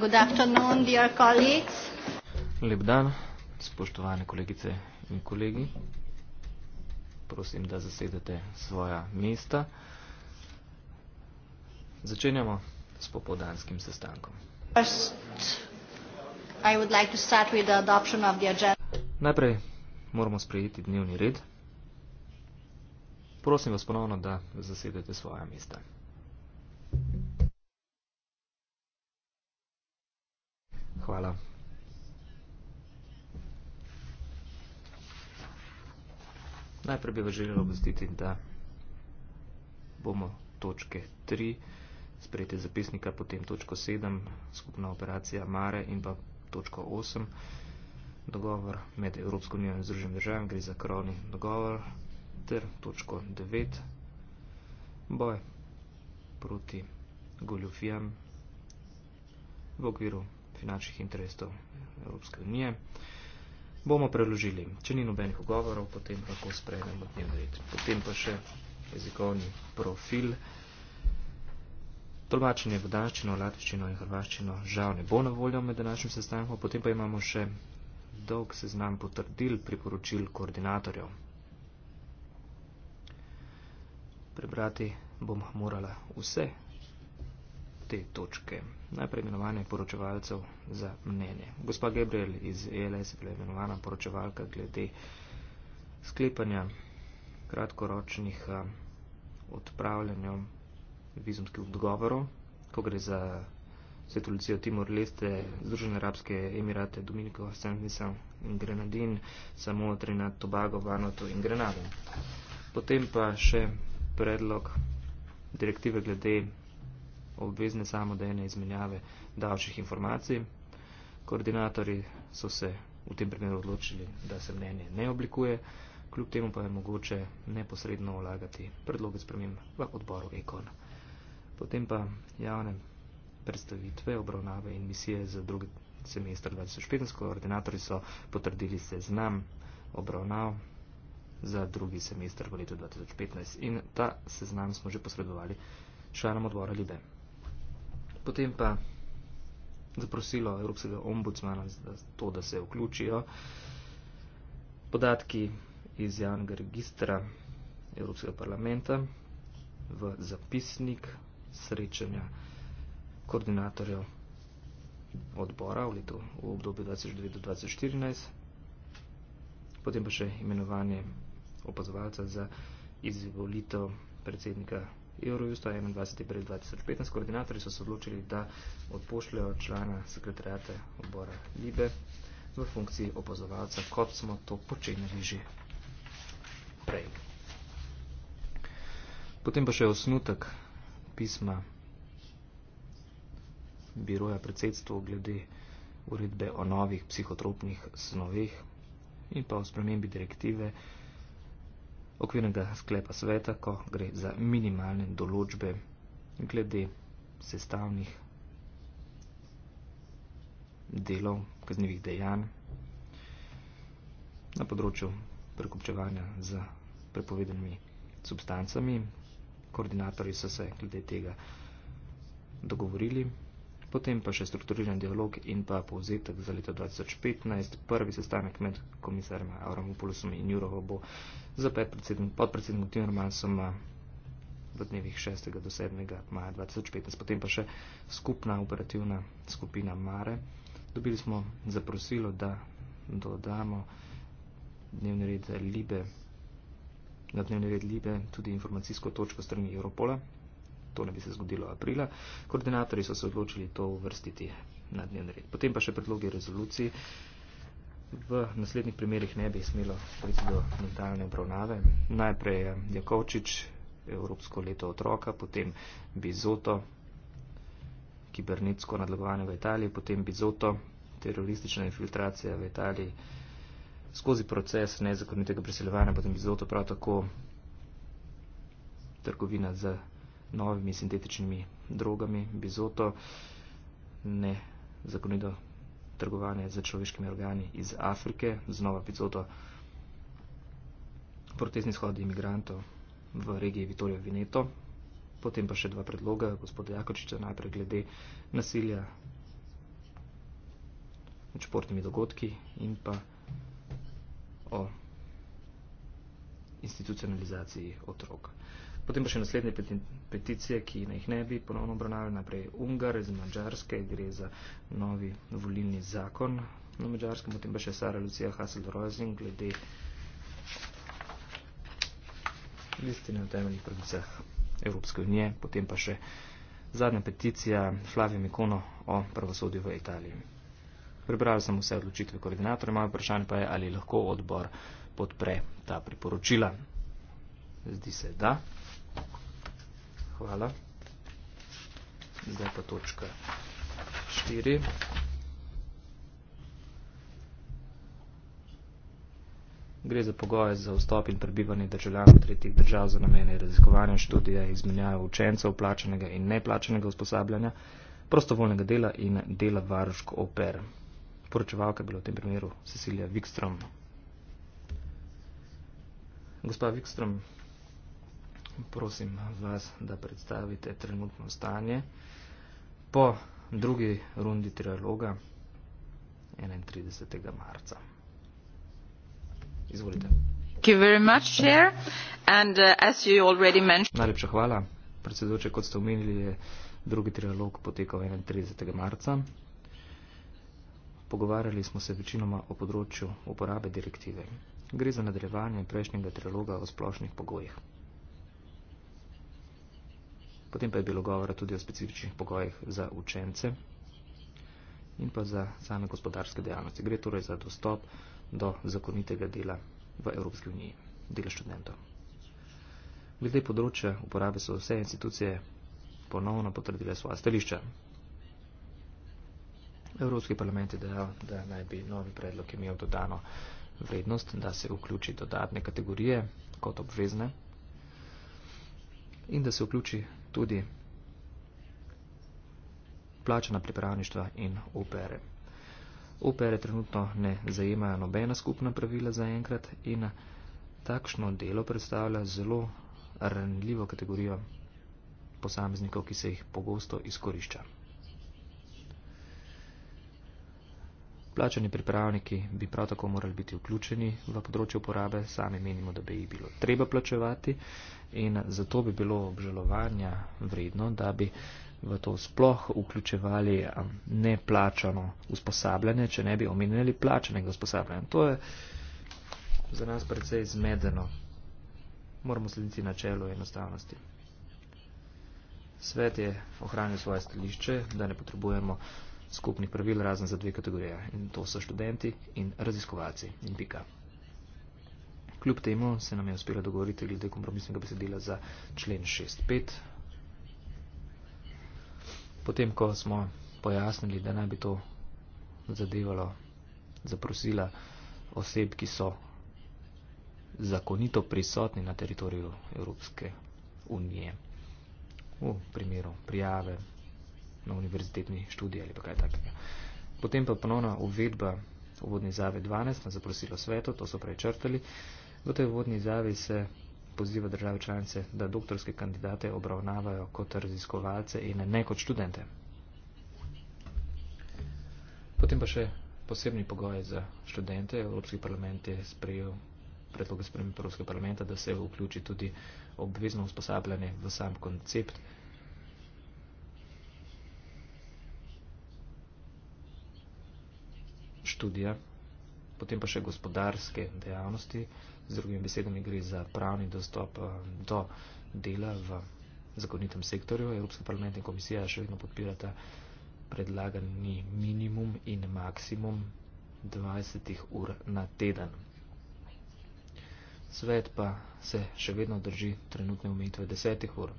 Good afternoon, dear colleagues. Lep dan, spoštovane kolegice in kolegi. Prosim, da zasedete svoja mesta. Začenjamo s popodanskim sestankom. Najprej moramo sprejeti dnevni red. Prosim vas ponovno, da zasedete svoja mesta. Hvala. Najprej bi vas želelo obvestiti, da bomo točke 3, sprejte zapisnika, potem točko 7, skupna operacija Mare in pa točko 8, dogovor med Evropsko unijo in Združenim državam, gre za krovni dogovor, ter točko 9, boj proti goljufijam v okviru finančnih interesov Evropske unije, bomo preložili. Če ni nobenih ugovorov, potem lahko sprejmemo dnevni red. Potem pa še jezikovni profil. Tolmačenje v danščino, latviščino in hrvaščino žal ne bo na voljo med današnjim sestankom, potem pa imamo še dolg seznam potrdil priporočil koordinatorjev. Prebrati bom morala vse te točke, najprej imenovanje poročevalcev za mnenje. Gospa Gabriel iz ELS je bila imenovana poročevalka glede sklepanja kratkoročnih odpravljanja vizumskih odgovorov, ko gre za Svetu Lucijo Timor Leste, Združene Arabske Emirate, Dominiko, Sanvisa in Grenadin, samo Trinat, Tobago, Vanoto in Grenado. Potem pa še predlog direktive glede obvezne samodejne izmenjave davčnih informacij. Koordinatori so se v tem primeru odločili, da se mnenje ne oblikuje, kljub temu pa je mogoče neposredno olagati predloge sprememb v odboru EKON. Potem pa javne predstavitve, obravnave in misije za drugi semester 2015. Koordinatori so potrdili se znam obravnav za drugi semester v letu 2015 in ta seznam smo že posredovali članom odbora Libe potem pa zaprosilo Evropskega ombudsmana za to, da se vključijo podatki iz javnega registra Evropskega parlamenta v zapisnik srečanja koordinatorjev odbora v, letu, v obdobju 2009-2014, potem pa še imenovanje opazovalca za izvolitev predsednika Eurojusta 21. april 2015. Koordinatorji so se odločili, da odpošljajo člana sekretarjate odbora Libe v funkciji opazovalca, kot smo to počenjali že prej. Potem pa še osnutek pisma biroja predsedstvo glede uredbe o novih psihotropnih snoveh in pa o spremembi direktive okvirnega sklepa sveta, ko gre za minimalne določbe glede sestavnih delov, kaznjivih dejanj na področju prekupčevanja z prepovedanimi substancami. Koordinatorji so se glede tega dogovorili potem pa še strukturiran dialog in pa povzetek za leto 2015. Prvi sestanek med komisarjem Avramopolosom in Jurovo bo za podpredsednik Timmermansom v dnevih 6. do 7. maja 2015, potem pa še skupna operativna skupina Mare. Dobili smo zaprosilo, da dodamo dnevni red Libe, na dnevni red Libe tudi informacijsko točko strani Europola to ne bi se zgodilo aprila. Koordinatorji so se odločili to uvrstiti na dnevni red. Potem pa še predlogi rezoluciji. V naslednjih primerih ne bi smelo priti do mentalne obravnave. Najprej je Jakovčič, Evropsko leto otroka, potem Bizoto, kibernetsko nadlegovanje v Italiji, potem Bizoto, teroristična infiltracija v Italiji skozi proces nezakonitega preseljevanja, potem Bizoto prav tako trgovina za novimi sintetičnimi drogami, bizoto, nezakonito trgovanje z človeškimi organi iz Afrike, znova bizoto, protestni shodi imigrantov v regiji Vitorija Veneto, potem pa še dva predloga gospoda Jakočiča najprej glede nasilja med športnimi dogodki in pa o institucionalizaciji otroka. Potem pa še naslednje peti, peticije, ki na jih ne bi ponovno obravnavali, naprej Ungar iz Mačarske, gre za novi volilni zakon na Mačarskem, potem pa še Sara Lucija Hasel-Rozing glede listine o temeljnih pravicah Evropske unije, potem pa še zadnja peticija Flavio Mikono o pravosodju v Italiji. Prebrali sem vse odločitve koordinatorja, moje vprašanje pa je, ali lahko odbor podpre ta priporočila. Zdi se, da. Hvala. Zdaj pa točka 4. Gre za pogoje za vstop in prebivanje državljanov tretjih držav za namene raziskovanja študija izmenjave učencev, plačanega in neplačanega usposabljanja, prostovoljnega dela in dela varuško oper. Poročevalka je bila v tem primeru Cecilija Wikstrom. Gospa Wikstrom, prosim vas, da predstavite trenutno stanje. Po drugi rundi trialoga 31. marca. Izvolite. Thank you very much, Chair. And uh, as you already mentioned... Najlepša hvala. Predsedoče, kot ste omenili, je drugi trialog potekal 31. marca. Pogovarjali smo se večinoma o področju uporabe direktive. Gre za nadaljevanje prejšnjega triloga o splošnih pogojih. Potem pa je bilo govora tudi o specifičnih pogojih za učence in pa za same gospodarske dejavnosti. Gre torej za dostop do zakonitega dela v Evropski uniji, dela študentov. Glede področja uporabe so vse institucije ponovno potrdile svoja stališča. Evropski parlament je dejal, da naj bi novi predlog imel dodano vrednost, da se vključi dodatne kategorije kot obvezne in da se vključi tudi plačena pripravništva in opere. Opere trenutno ne zajemajo nobena skupna pravila za enkrat in takšno delo predstavlja zelo ranljivo kategorijo posameznikov, ki se jih pogosto izkorišča. Plačani pripravniki bi prav tako morali biti vključeni v področje uporabe, sami menimo, da bi jih bilo treba plačevati in zato bi bilo obžalovanja vredno, da bi v to sploh vključevali um, neplačano usposabljanje, če ne bi omenjali plačanega usposabljanja. To je za nas precej zmedeno. Moramo slediti načelo enostavnosti. Svet je ohranil svoje stališče, da ne potrebujemo skupnih pravil razen za dve kategorije in to so študenti in raziskovalci in pika. Kljub temu se nam je uspelo dogovoriti glede kompromisnega besedila za člen 6.5. Potem, ko smo pojasnili, da naj bi to zadevalo zaprosila oseb, ki so zakonito prisotni na teritoriju Evropske unije. V primeru prijave na univerzitetni študij ali pa kaj takega. Potem pa ponovna uvedba uvodni zave 12 na zaprosilo sveto, to so prej črtali. V tej uvodni zavi se poziva države članice, da doktorske kandidate obravnavajo kot raziskovalce in ne kot študente. Potem pa še posebni pogoje za študente. Evropski parlament je sprejel predlog spremembe Evropskega parlamenta, da se vključi tudi obvezno usposabljanje v sam koncept študija, potem pa še gospodarske dejavnosti, z drugimi besedami gre za pravni dostop eh, do dela v zakonitem sektorju. Evropska parlament in komisija še vedno podpirata predlagani minimum in maksimum 20 ur na teden. Svet pa se še vedno drži trenutne umetve 10 ur.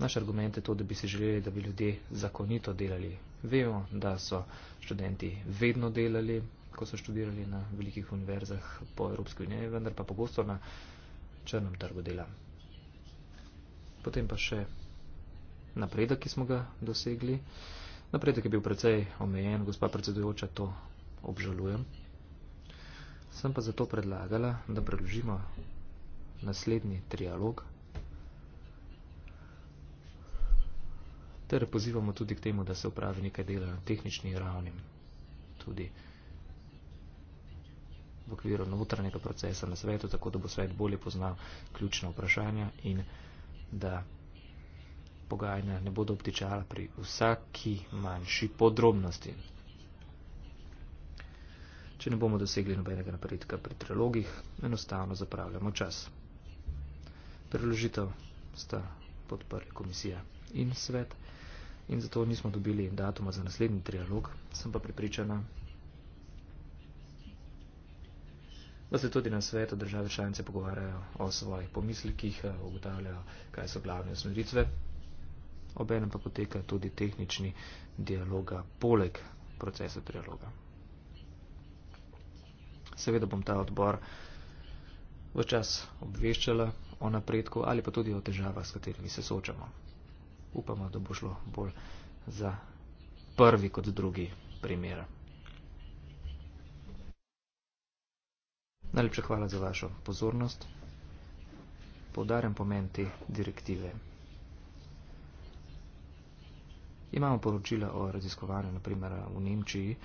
Naš argument je to, da bi se želeli, da bi ljudje zakonito delali. Vemo, da so študenti vedno delali, ko so študirali na velikih univerzah po Evropski uniji, vendar pa pogosto na črnem trgu dela. Potem pa še napredek, ki smo ga dosegli. Napredek je bil precej omejen, gospa predsedujoča, to obžalujem. Sem pa zato predlagala, da preložimo naslednji trialog ter torej, pozivamo tudi k temu, da se upravi nekaj dela na tehnični ravni, tudi v okviru notranjega procesa na svetu, tako da bo svet bolje poznal ključna vprašanja in da pogajanja ne bodo obtičala pri vsaki manjši podrobnosti. Če ne bomo dosegli nobenega napredka pri trilogih, enostavno zapravljamo čas. Preložitev sta podprli komisija in svet in zato nismo dobili datuma za naslednji trialog, sem pa pripričana, da se tudi na svetu države članice pogovarjajo o svojih pomislikih, eh, ugotavljajo, kaj so glavne usmeritve. Obenem pa poteka tudi tehnični dialoga poleg procesa trialoga. Seveda bom ta odbor v čas obveščala o napredku ali pa tudi o težavah, s katerimi se soočamo upamo, da bo šlo bolj za prvi kot drugi primer. Najlepša hvala za vašo pozornost. Povdarjam pomen te direktive. Imamo poročila o raziskovanju, naprimer v Nemčiji.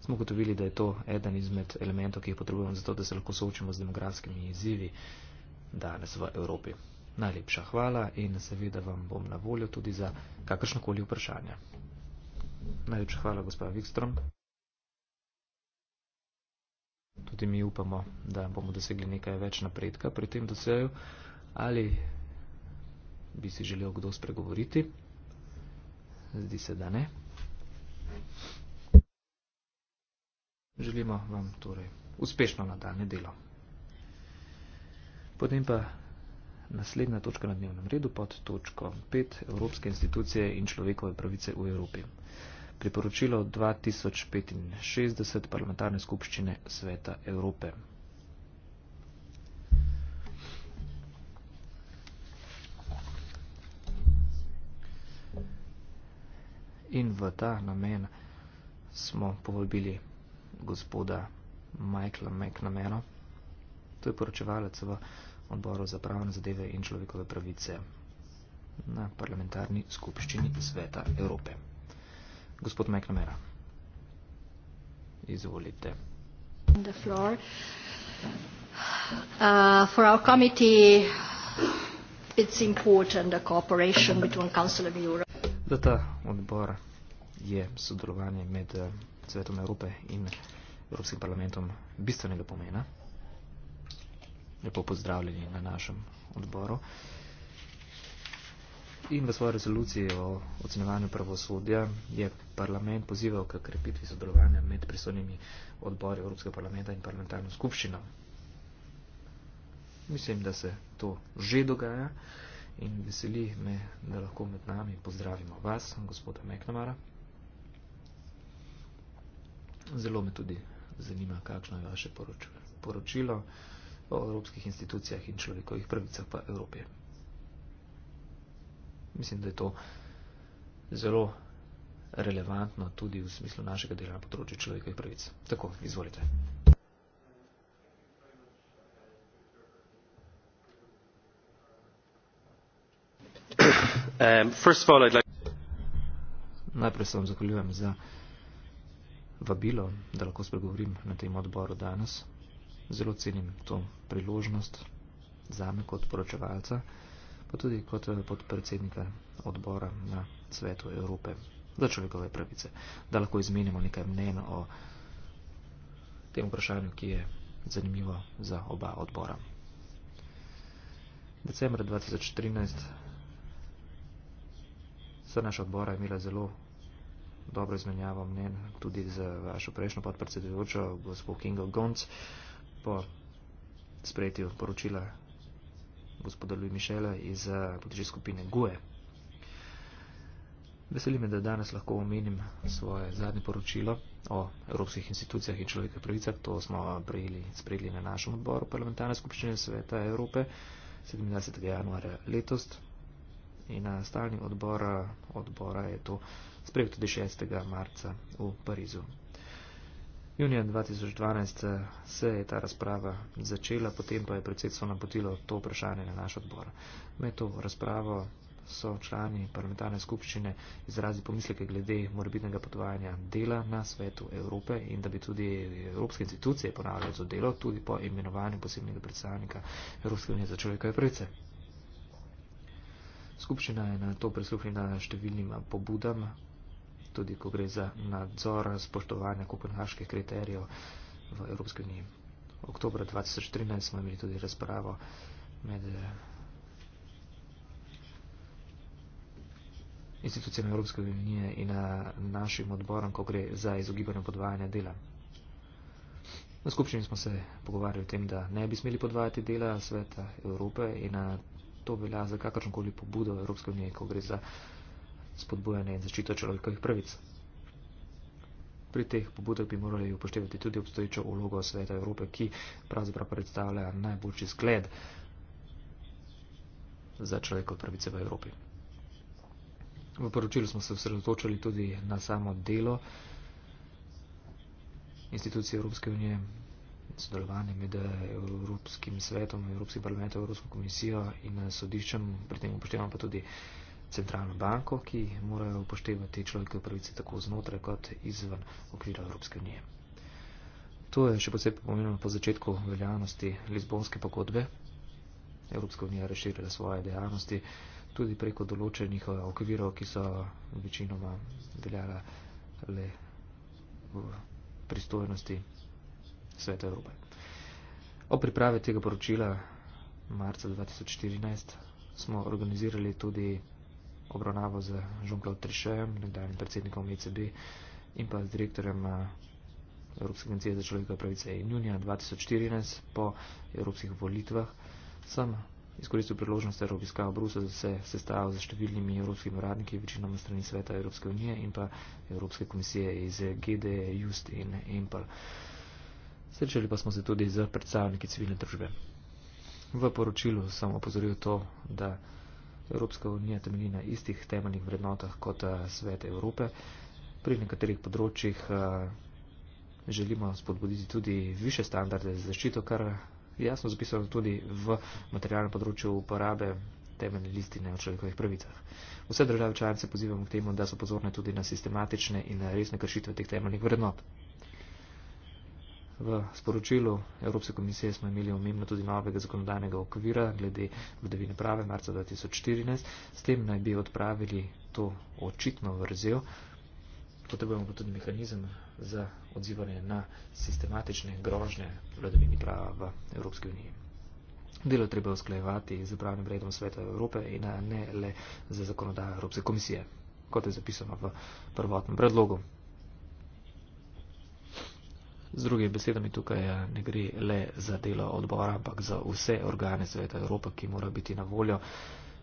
Smo gotovili, da je to eden izmed elementov, ki jih potrebujemo za to, da se lahko soočimo z demografskimi izzivi danes v Evropi. Najlepša hvala in seveda vam bom na voljo tudi za kakršnokoli vprašanje. Najlepša hvala, gospod Wikström. Tudi mi upamo, da bomo dosegli nekaj več napredka pri tem doseju. Ali bi si želel kdo spregovoriti? Zdi se, da ne. Želimo vam torej uspešno nadaljne delo. Potem pa naslednja točka na dnevnem redu pod točko 5 Evropske institucije in človekove pravice v Evropi. Priporočilo 2065 parlamentarne skupščine Sveta Evrope. In v ta namen smo povabili gospoda Michaela McNamara, to je poročevalec v odboru za pravne zadeve in človekove pravice na parlamentarni skupščini sveta Evrope. Gospod Majknamera, izvolite. The floor. Uh, for our committee it's important the cooperation between Council of Europe. Za ta odbor je sodelovanje med uh, svetom Evrope in Evropskim parlamentom bistvenega pomena lepo pozdravljeni na našem odboru. In v svoji rezoluciji o ocenjevanju pravosodja je parlament pozival k krepitvi sodelovanja med pristojnimi odbori Evropskega parlamenta in parlamentarno skupščino. Mislim, da se to že dogaja in veseli me, da lahko med nami pozdravimo vas, gospoda Meknamara. Zelo me tudi zanima, kakšno je vaše poročilo. poročilo o evropskih institucijah in človekovih pravicah v Evropi. Mislim, da je to zelo relevantno tudi v smislu našega dela na področju človekovih pravic. Tako, izvolite. Um, Najprej se vam zahvaljujem za vabilo, da lahko spregovorim na tem odboru danes zelo cenim to priložnost za me kot poročevalca, pa tudi kot eh, podpredsednika odbora na svetu Evrope za človekove pravice, da lahko izmenimo nekaj mnen o tem vprašanju, ki je zanimivo za oba odbora. Decembra 2013 so naša odbora imela zelo dobro izmenjavo mnen tudi z vašo prejšnjo podpredsedujočo, gospod Kingo Gonc, po sprejetju poročila gospoda Louis Mišela iz eh, podrežje skupine GUE. Veseli me, da danes lahko omenim svoje zadnje poročilo o evropskih institucijah in človekovih pravicah. To smo prejeli, sprejeli na našem odboru parlamentarne skupščine Sveta Evrope 27. januarja letos. In na stalni odbora, odbora je to sprejel tudi 6. marca v Parizu. Junija 2012 eh, se je ta razprava začela, potem pa je predsedstvo napotilo to vprašanje na naš odbor. Med to razpravo so člani parlamentarne skupščine izrazili pomisleke glede morbidnega podvajanja dela na svetu Evrope in da bi tudi evropske institucije ponavljali to delo, tudi po imenovanju posebnega predstavnika Evropske unije za človekove pravice. Skupščina je na to prisluhnila številnim pobudam tudi ko gre za nadzor spoštovanja kopenhaških kriterijev v Evropski uniji. Oktober 2013 smo imeli tudi razpravo med eh, institucijami Evropske unije in eh, našim odborom, ko gre za izogibanje podvajanja dela. Na skupščini smo se pogovarjali o tem, da ne bi smeli podvajati dela sveta Evrope in eh, to velja za kakršnokoli pobudo Evropske unije, ko gre za spodbujanje in zaščito človekovih pravic. Pri teh pobudah bi morali upoštevati tudi obstoječo vlogo Sveta Evrope, ki pravzaprav predstavlja najboljši zgled za človekove pravice v Evropi. V poročilu smo se osredotočili tudi na samo delo institucije Evropske unije, sodelovanje med Evropskim svetom, Evropskim parlamentom, Evropsko komisijo in sodiščem, pri tem upoštevamo pa tudi centralno banko, ki morajo upoštevati človekove pravice tako znotraj kot izven okvira Evropske unije. To je še posebej pomembno po začetku veljavnosti Lizbonske pogodbe. Evropska unija je razširila svoje dejavnosti tudi preko določenih eh, okvirov, ki so večinoma veljala le v pristojnosti Sveta Evrope. Ob pripravi tega poročila marca 2014 smo organizirali tudi obravnavo z Žunkov Trišejem, nekdanjim predsednikom ECB in pa z direktorjem eh, Evropske agencije za človekove pravice in junija 2014 po evropskih volitvah. Sam izkoristil priložnost, ter obiskal Brusel, da se sestavil z številnimi evropskimi uradniki, večinoma strani sveta Evropske unije in pa Evropske komisije iz GDE, Just in Empel. Srečali pa smo se tudi z predstavniki civilne družbe. V poročilu sem opozoril to, da Evropska unija temelji na istih temeljnih vrednotah kot eh, svet Evrope. Pri nekaterih področjih eh, želimo spodbuditi tudi više standarde za zaščito, kar jasno zapisano tudi v materialnem področju uporabe temeljne listine o človekovih pravicah. Vse države članice pozivamo k temu, da so pozorne tudi na sistematične in resne kršitve teh temeljnih vrednot. V sporočilu Evropske komisije smo imeli omembno tudi novega zakonodajnega okvira glede vladavine prave marca 2014. S tem naj bi odpravili to očitno vrzel. Potrebujemo pa tudi mehanizem za odzivanje na sistematične grožnje vladavini prava v Evropski uniji. Delo treba usklajevati z pravnim redom sveta Evrope in ne le za zakonodajo Evropske komisije, kot je zapisano v prvotnem predlogu. Z drugimi besedami tukaj eh, ne gre le za delo odbora, ampak za vse organe Sveta Evrope, ki mora biti na voljo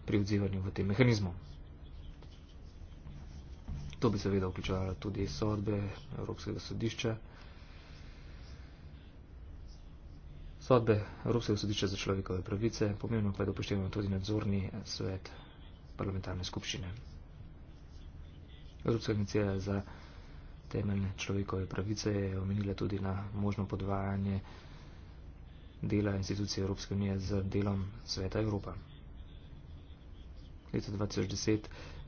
pri odzivanju v tem mehanizmu. To bi seveda vključevalo tudi sodbe Evropskega sodišča. Sodbe Evropskega sodišča za človekove pravice, pomembno pa je, da upoštevamo tudi nadzorni svet parlamentarne skupščine. Evropska agencija za temeljne človekove pravice, je omenila tudi na možno podvajanje dela institucije Evropske unije z delom Sveta Evropa. Leta 2010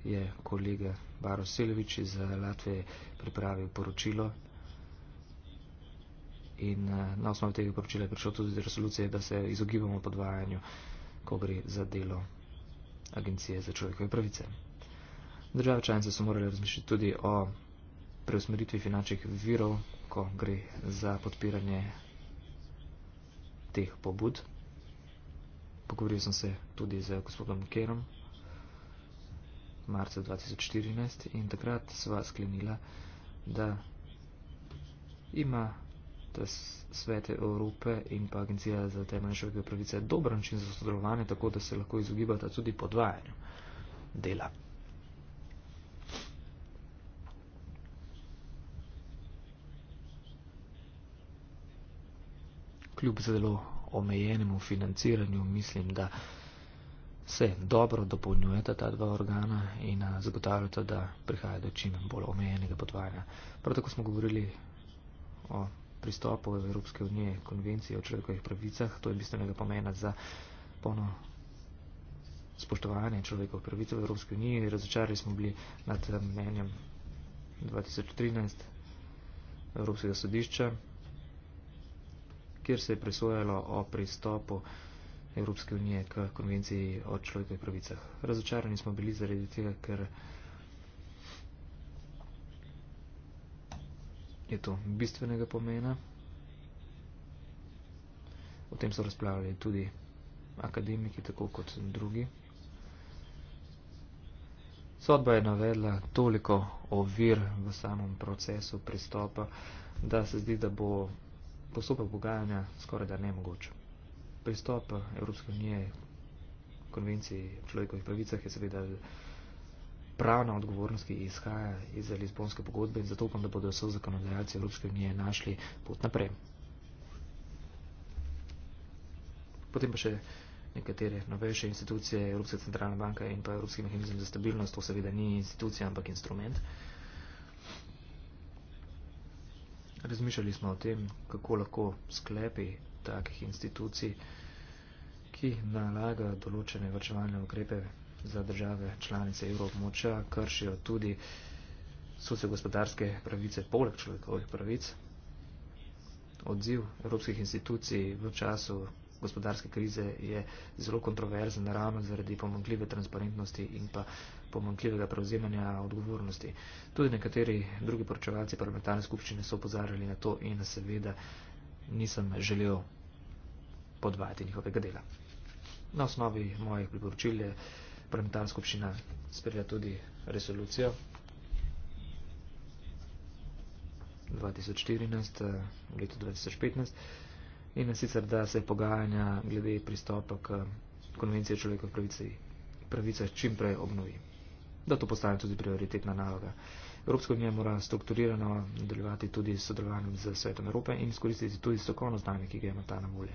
je kolega Baro Selevič iz Latveje pripravil poročilo in eh, na osnovi tega poročila je prišel tudi resolucije, da se izogibamo podvajanju, ko gre za delo Agencije za človekove pravice. Države članice so morali razmišljati tudi o preusmeritvi finančnih virov, ko gre za podpiranje teh pobud. Pogovoril sem se tudi z gospodom Kerom v marcu 2014 in takrat sva sklenila, da ima ta svete Evrope in pa Agencija za temeljne človekove pravice dober način za sodelovanje, tako da se lahko izogibata tudi podvajanju dela. kljub zelo omejenemu financiranju, mislim, da se dobro dopolnjujeta ta dva organa in zagotavljata, da prihaja do čim bolj omejenega podvajanja. Prav tako smo govorili o pristopu Evropske unije konvencije o človekovih pravicah, to je bistvenega pomena za polno spoštovanje človekovih pravic v Evropski uniji. Razočarali smo bili nad mnenjem 2013 Evropskega sodišča kjer se je presojalo o pristopu Evropske unije k konvenciji o človekovih pravicah. Razočarani smo bili zaradi tega, ker je to bistvenega pomena. O tem so razplavljali tudi akademiki, tako kot drugi. Sodba je navedla toliko ovir v samem procesu pristopa, da se zdi, da bo postopek pogajanja skoraj da ne mogoč. Pristop Evropske unije v konvenciji človekovih pravicah je seveda pravna odgovornost, ki izhaja iz Lizbonske pogodbe in zato upam, da bodo so zakonodajalci Evropske unije našli pot naprej. Potem pa še nekatere novejše institucije, Evropska centralna banka in pa Evropski mehanizem za stabilnost, to seveda ni institucija, ampak instrument. Uh, Razmišljali smo o tem, kako lahko sklepi takih institucij, ki nalaga določene vrčevalne ukrepe za države članice Evropmoča, kršijo tudi sociogospodarske pravice poleg človekovih pravic. Odziv evropskih institucij v času gospodarske krize je zelo kontroverzen, naravno zaradi pomagljive transparentnosti in pa pomankljivega prevzemanja odgovornosti. Tudi nekateri drugi poročevalci parlamentarne skupščine so opozarjali na to in seveda nisem želel podvajati njihovega dela. Na osnovi mojih priporočil je parlamentarna skupščina sprejela tudi resolucijo 2014 leto 2015. In sicer, da se pogajanja glede pristopa k konvenciji človekovih pravic čim prej obnovijo da to postane tudi prioritetna naloga. Evropska unija mora strukturirano nadaljevati tudi s sodelovanjem z svetom Evrope in skoristiti tudi strokovno znanje, ki ga ima ta na volje.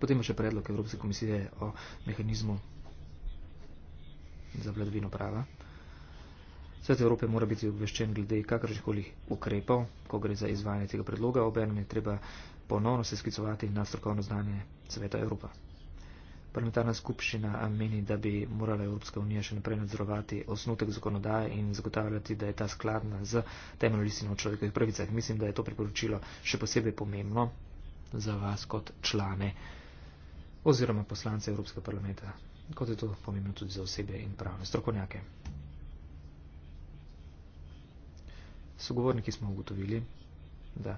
Potem je še predlog Evropske komisije o mehanizmu za vladavino prava. Svet Evrope mora biti obveščen glede kakršnihkoli ukrepov, ko gre za izvajanje tega predloga, obenem je treba ponovno se sklicovati na strokovno znanje Sveta Evropa. Parlamentarna skupščina meni, da bi morala Evropska unija še naprej nadzorovati osnutek zakonodaje in zagotavljati, da je ta skladna z temeljno listino o človekovih pravicah. Mislim, da je to priporočilo še posebej pomembno za vas kot člane oziroma poslance Evropskega parlamenta, kot je to pomembno tudi za osebe in pravne strokovnjake. Sogovorniki smo ugotovili, da.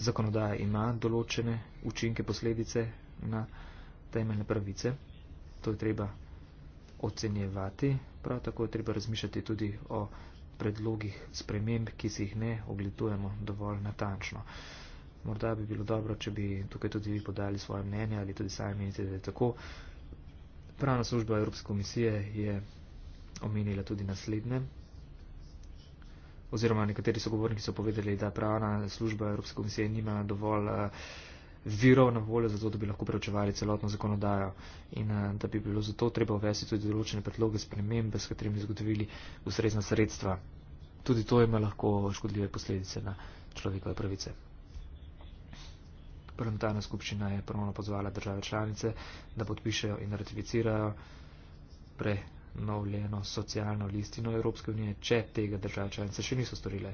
zakonodaja ima določene učinke, posledice na temeljne pravice. To je treba ocenjevati. Prav tako je treba razmišljati tudi o predlogih sprememb, ki si jih ne ogledujemo dovolj natančno. Morda bi bilo dobro, če bi tukaj tudi vi podali svoje mnenje ali tudi sami menite, da je tako. Pravna služba Evropske komisije je omenila tudi naslednje oziroma nekateri sogovorniki so povedali, da pravna služba Evropske komisije nima dovolj eh, virov na voljo za to, da bi lahko preučevali celotno zakonodajo in eh, da bi bilo zato treba uvesti tudi določene predloge spremembe, s katerimi bi zagotovili ustrezna sredstva. Tudi to ima lahko škodljive posledice na človekove pravice. Parlamentarna skupščina je ponovno pozvala države članice, da podpišejo in ratificirajo pre novljeno socialno listino Evropske unije, če tega države članice še niso storile.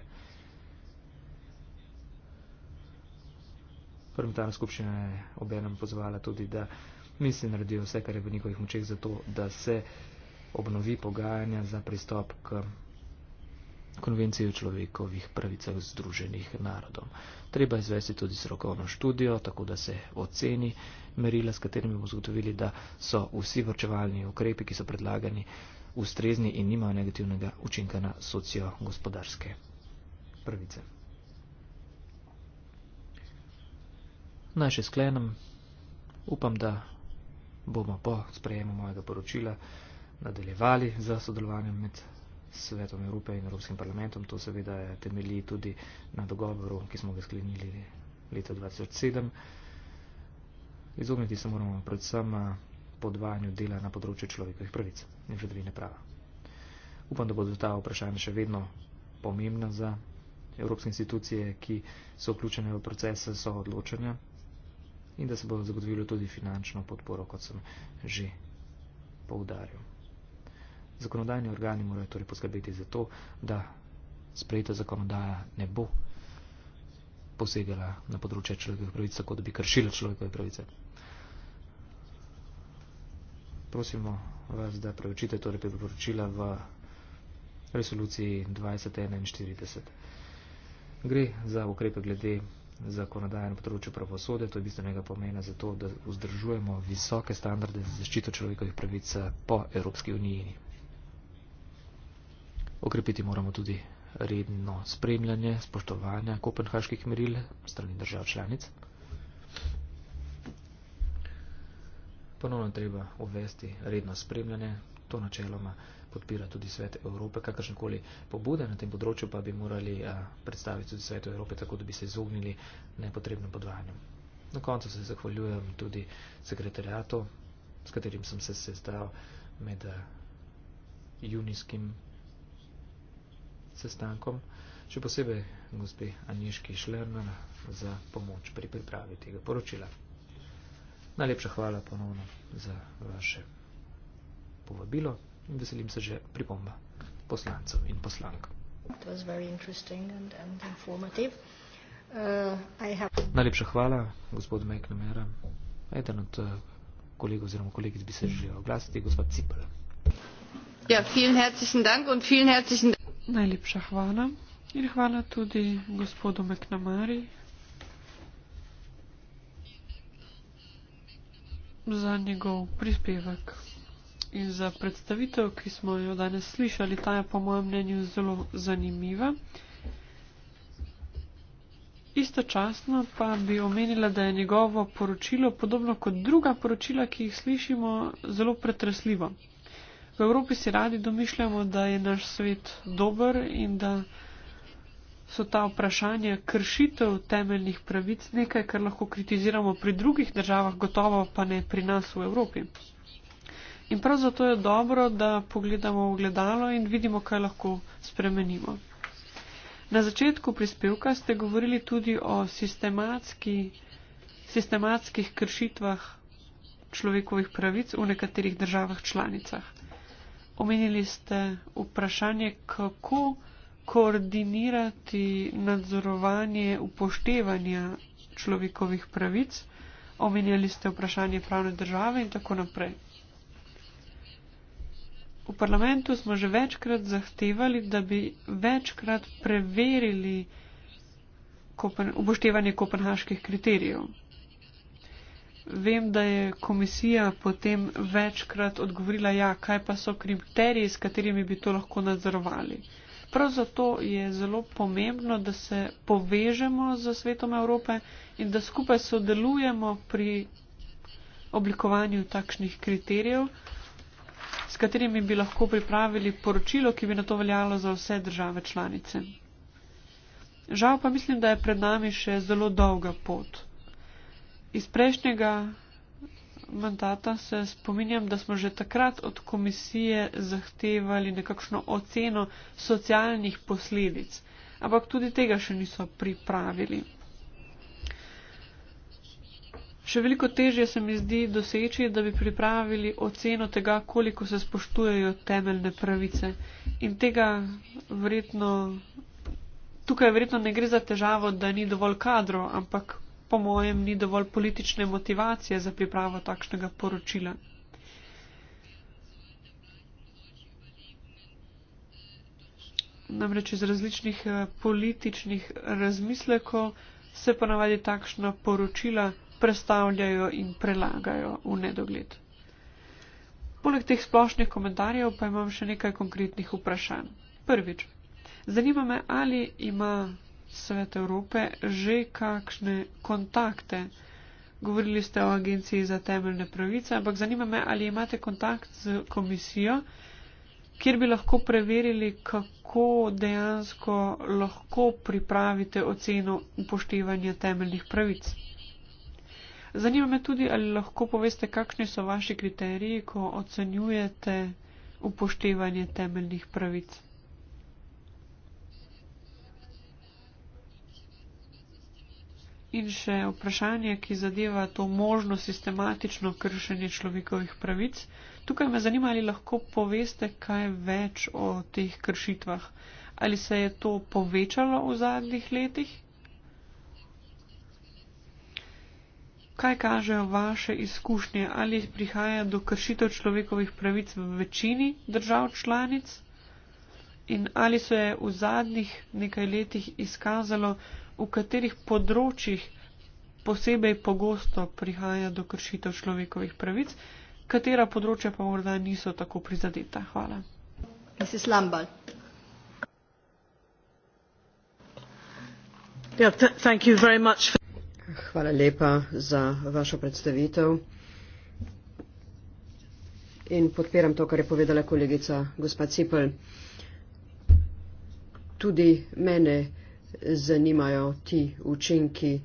Parlamentarna skupščina je obenem pozvala tudi, da misli naredijo vse, kar je v njihovih močeh, zato da se obnovi pogajanja za pristop k konvencije o človekovih pravicah združenih narodom. Treba izvesti tudi strokovno študijo, tako da se oceni merila, s katerimi bomo zgotovili, da so vsi vrčevalni ukrepi, ki so predlagani, ustrezni in nimajo negativnega učinka na socio-gospodarske pravice. Naj še sklenem. Upam, da bomo po sprejemu mojega poročila nadaljevali za sodelovanjem med Svetom Evrope in Evropskim parlamentom. To seveda temelji tudi na dogovoru, ki smo ga sklenili leta 2007. Izogniti se moramo predvsem eh, podvajanju dela na področju človekovih pravic in vladavine prava. Upam, da bodo ta vprašanja še vedno pomembna za evropske institucije, ki so vključene v procese soodločanja in da se bo zagotovilo tudi finančno podporo, kot sem že poudaril. Zakonodajni organi morajo torej poskrbeti za to, da sprejeta zakonodaja ne bo posegala na področje človekovih pravic, tako da bi kršila človekove pravice. Prosimo vas, da preučite torej priporočila v resoluciji 2041. Gre za ukrepe glede zakonodaje na področju pravosode, to je bistvenega pomena za to, da vzdržujemo visoke standarde za zaščito človekovih pravic po Evropski uniji. Okrepiti moramo tudi redno spremljanje spoštovanja kopenhaških meril strani držav članic. Ponovno treba uvesti redno spremljanje, to načeloma podpira tudi Svet Evrope, kakršnekoli pobude na tem področju pa bi morali eh, predstaviti tudi Svetu Evrope, tako da bi se izognili nepotrebnim podvajanjem. Na koncu se zahvaljujem tudi sekretarjato, s katerim sem se sestal med eh, junijskim sestankom, še posebej gospe Anješki Šlerner za pomoč pri pripravi tega poročila. Najlepša hvala ponovno za vaše povabilo in veselim se že pripomba poslancev in poslank. It was very interesting and, and informative. Uh, I have... Najlepša hvala, gospod McNamara. Eden od eh, kolegov oziroma kolegic bi se želel oglasiti, gospod Cipel. Ja, vielen herzlichen Dank und vielen herzlichen Najlepša hvala in hvala tudi gospodu Meknamari za njegov prispevek in za predstavitev, ki smo jo danes slišali. Ta je po mojem mnenju zelo zanimiva. Istočasno pa bi omenila, da je njegovo poročilo, podobno kot druga poročila, ki jih slišimo, zelo pretresljivo. V Evropi si radi domišljamo, da je naš svet dober in da so ta vprašanja kršitev temeljnih pravic nekaj, kar lahko kritiziramo pri drugih državah, gotovo pa ne pri nas v Evropi. In prav zato je dobro, da pogledamo v gledalo in vidimo, kaj lahko spremenimo. Na začetku prispevka ste govorili tudi o sistematski, sistematskih kršitvah človekovih pravic v nekaterih državah članicah. Omenili ste vprašanje, kako koordinirati nadzorovanje upoštevanja človekovih pravic. Omenjali ste vprašanje pravne države in tako naprej. V parlamentu smo že večkrat zahtevali, da bi večkrat preverili upoštevanje kopenhaških kriterijev. Vem, da je komisija potem večkrat odgovorila, ja, kaj pa so kriteriji, s katerimi bi to lahko nadzorovali. Prav zato je zelo pomembno, da se povežemo z svetom Evrope in da skupaj sodelujemo pri oblikovanju takšnih kriterijev, s katerimi bi lahko pripravili poročilo, ki bi na to veljalo za vse države članice. Žal pa mislim, da je pred nami še zelo dolga pot. Iz prejšnjega mandata se spominjam, da smo že takrat od komisije zahtevali nekakšno oceno socialnih posledic, ampak tudi tega še niso pripravili. Še veliko težje se mi zdi doseči, da bi pripravili oceno tega, koliko se spoštujejo temeljne pravice. In tega verjetno, tukaj verjetno ne gre za težavo, da ni dovolj kadrov, ampak po mojem, ni dovolj politične motivacije za pripravo takšnega poročila. Namreč iz različnih eh, političnih razmislekov se ponavadi takšna poročila predstavljajo in prelagajo v nedogled. Poleg teh splošnih komentarjev pa imam še nekaj konkretnih vprašanj. Prvič, zanima me, ali ima Svet Evrope že kakšne kontakte. Govorili ste o Agenciji za temeljne pravice, ampak zanima me, ali imate kontakt z komisijo, kjer bi lahko preverili, kako dejansko lahko pripravite oceno upoštevanja temeljnih pravic. Zanima me tudi, ali lahko poveste, kakšni so vaši kriteriji, ko ocenjujete upoštevanje temeljnih pravic. in še vprašanje, ki zadeva to možno sistematično kršenje človekovih pravic. Tukaj me zanima, ali lahko poveste kaj več o teh kršitvah. Ali se je to povečalo v zadnjih letih? Kaj kažejo vaše izkušnje? Ali prihaja do kršitev človekovih pravic v večini držav članic? In ali se je v zadnjih nekaj letih izkazalo, v katerih področjih posebej pogosto prihaja do kršitev človekovih pravic, katera področja pa morda niso tako prizadeta. Hvala. Mrs. Lambal. Hvala lepa za vašo predstavitev. In podpiram to, kar je povedala kolegica gospa Cipel. Tudi mene zanimajo ti učinki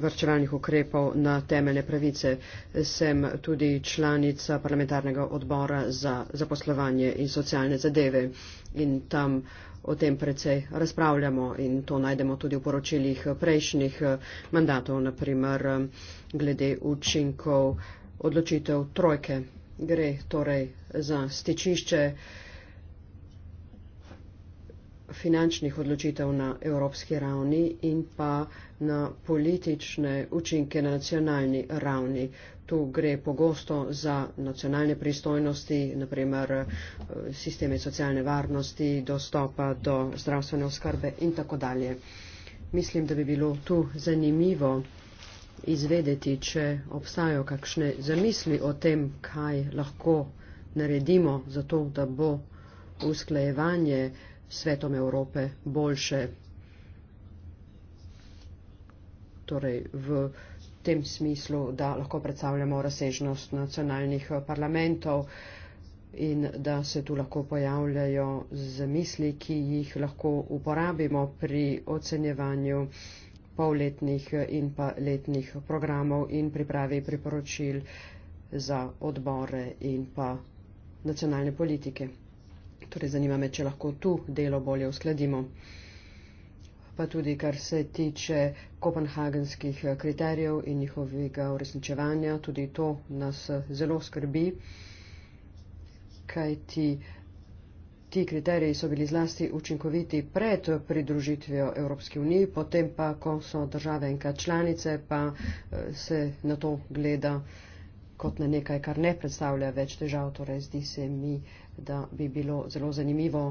vrčevalnih ukrepov na temeljne pravice. Sem tudi članica parlamentarnega odbora za zaposlovanje in socialne zadeve in tam o tem precej razpravljamo in to najdemo tudi v poročilih prejšnjih mandatov, naprimer glede učinkov odločitev trojke. Gre torej za stičišče finančnih odločitev na evropski ravni in pa na politične učinke na nacionalni ravni. Tu gre pogosto za nacionalne pristojnosti, naprimer eh, sisteme socialne varnosti, dostopa do zdravstvene oskrbe in tako dalje. Mislim, da bi bilo tu zanimivo izvedeti, če obstajajo kakšne zamisli o tem, kaj lahko naredimo za to, da bo usklajevanje uh, svetom Evrope boljše. Torej, v tem smislu, da lahko predstavljamo razsežnost nacionalnih eh, parlamentov in da se tu lahko pojavljajo zamisli, ki jih lahko uporabimo pri ocenjevanju polletnih eh, in pa letnih programov in pripravi priporočil za odbore in pa nacionalne politike. Torej, zanima me, če lahko tu delo bolje uskladimo. Pa tudi, kar se tiče kopenhagenskih eh, kriterijev in njihovega uresničevanja, tudi to nas eh, zelo skrbi, kaj ti. Ti kriteriji so bili zlasti učinkoviti pred pridružitvijo Evropske unije, potem pa, ko so države enkrat članice, pa eh, se na to gleda kot na nekaj, kar ne predstavlja več težav. Torej, zdi se mi, da bi bilo zelo zanimivo,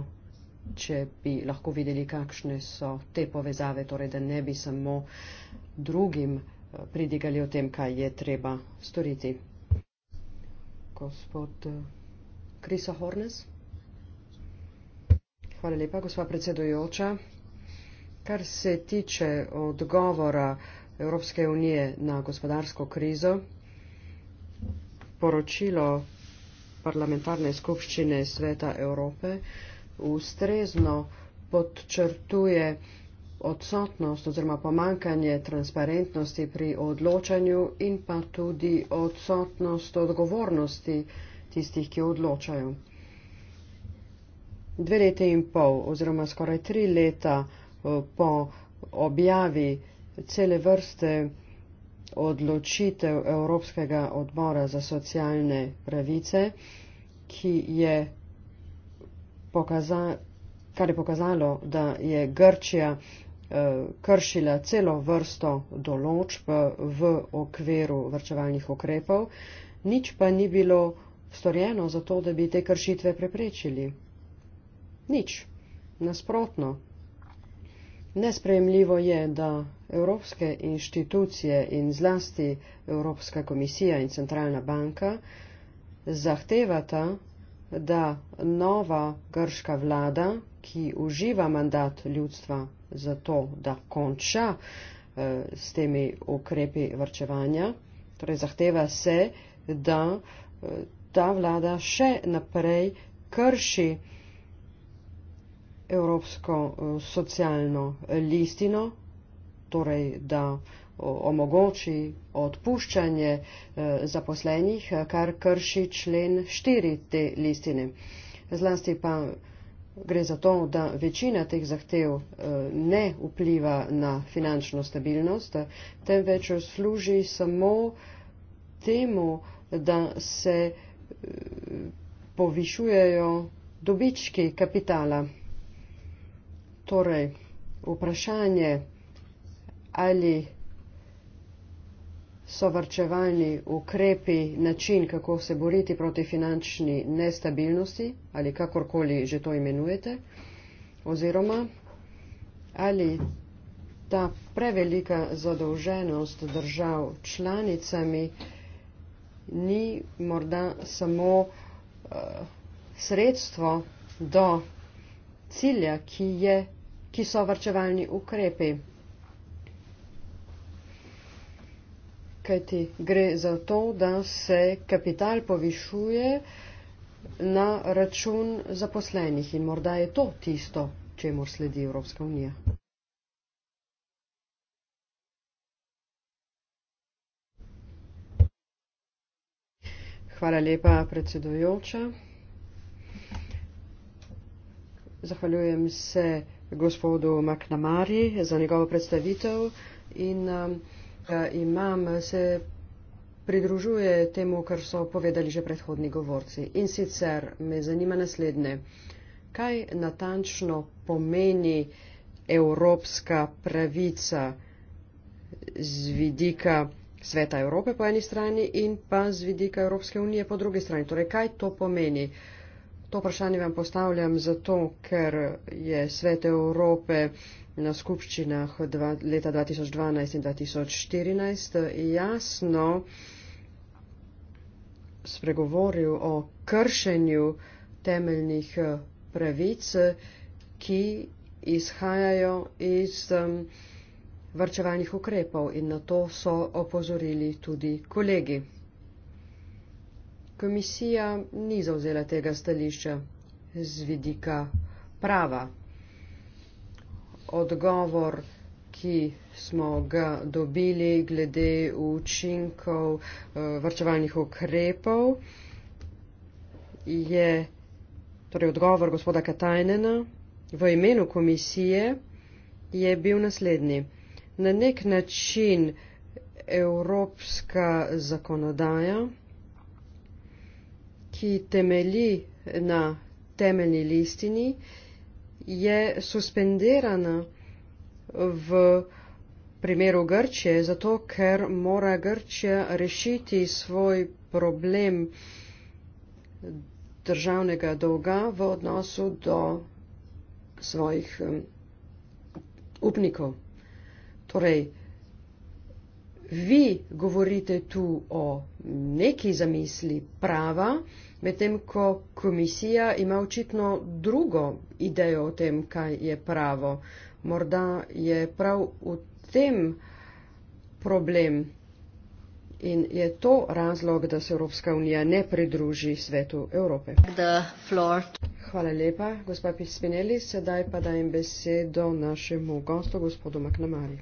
če bi lahko videli, kakšne so te povezave, torej da ne bi samo drugim eh, pridigali o tem, kaj je treba storiti. Gospod eh, Krisa Hornes. Hvala lepa, gospod predsedujoča. Kar se tiče odgovora Evropske unije na gospodarsko krizo, poročilo parlamentarne skupščine Sveta Evrope ustrezno podčrtuje odsotnost oziroma pomankanje transparentnosti pri odločanju in pa tudi odsotnost odgovornosti tistih, ki odločajo. Dve leti in pol oziroma skoraj tri leta eh, po objavi cele vrste odločitev Evropskega odbora za socialne pravice, ki je pokazalo, kar je pokazalo, da je Grčija eh, kršila celo vrsto določb eh, v okviru vrčevalnih ukrepov, nič pa ni bilo storjeno za to, da bi te kršitve preprečili. Nič. Nasprotno, Nesprejemljivo je, da evropske inštitucije in zlasti Evropska komisija in Centralna banka zahtevata, da nova grška vlada, ki uživa mandat ljudstva za to, da konča eh, s temi ukrepi vrčevanja, torej zahteva se, da eh, ta vlada še naprej krši eh, evropsko eh, socialno eh, listino, torej da omogoči odpuščanje eh, zaposlenih, kar krši člen 4 te listine. Zlasti pa gre za to, da večina teh zahtev ne vpliva na finančno stabilnost, temveč služi samo temu, da se povišujejo dobički kapitala torej vprašanje, ali so varčevalni ukrepi način, kako se boriti proti finančni nestabilnosti ali kakorkoli že to imenujete, oziroma ali ta prevelika zadolženost držav članicami ni morda samo uh, sredstvo do cilja, ki je ki so varčevalni ukrepi. Kajti gre za to, da se kapital povišuje na račun zaposlenih in morda je to tisto, čemu sledi Evropska unija. Hvala lepa, predsedujoča. Zahvaljujem se gospodu McNamari za njegovo predstavitev in um, imam se pridružuje temu, kar so povedali že predhodni govorci. In sicer me zanima naslednje. Kaj natančno pomeni evropska pravica z vidika Sveta Evrope po eni strani in pa z vidika Evropske unije po drugi strani? Torej, kaj to pomeni? Uh, To vprašanje vam postavljam zato, ker je Svet Evrope na skupščinah dva, leta 2012 in 2014 jasno spregovoril o kršenju temeljnih eh, pravic, ki izhajajo iz um, vrčevalnih ukrepov in na to so opozorili tudi kolegi komisija ni zauzela tega stališča z vidika prava. Odgovor, ki smo ga dobili glede učinkov eh, vrčevalnih ukrepov, je torej odgovor gospoda Katajnena v imenu komisije je bil naslednji. Na nek način evropska zakonodaja ki temeli na temeljni listini, je suspendirana v primeru Grčije, zato ker mora Grčija rešiti svoj problem državnega dolga v odnosu do svojih um, upnikov. Torej, vi govorite tu o neki zamisli prava, medtem ko komisija ima očitno drugo idejo o tem, kaj je pravo. Morda je prav v tem problem in je to razlog, da se Evropska unija ne pridruži svetu Evrope. Hvala lepa, gospa Pispinelli. Sedaj pa dajem besedo našemu gostu, gospodu McNamari.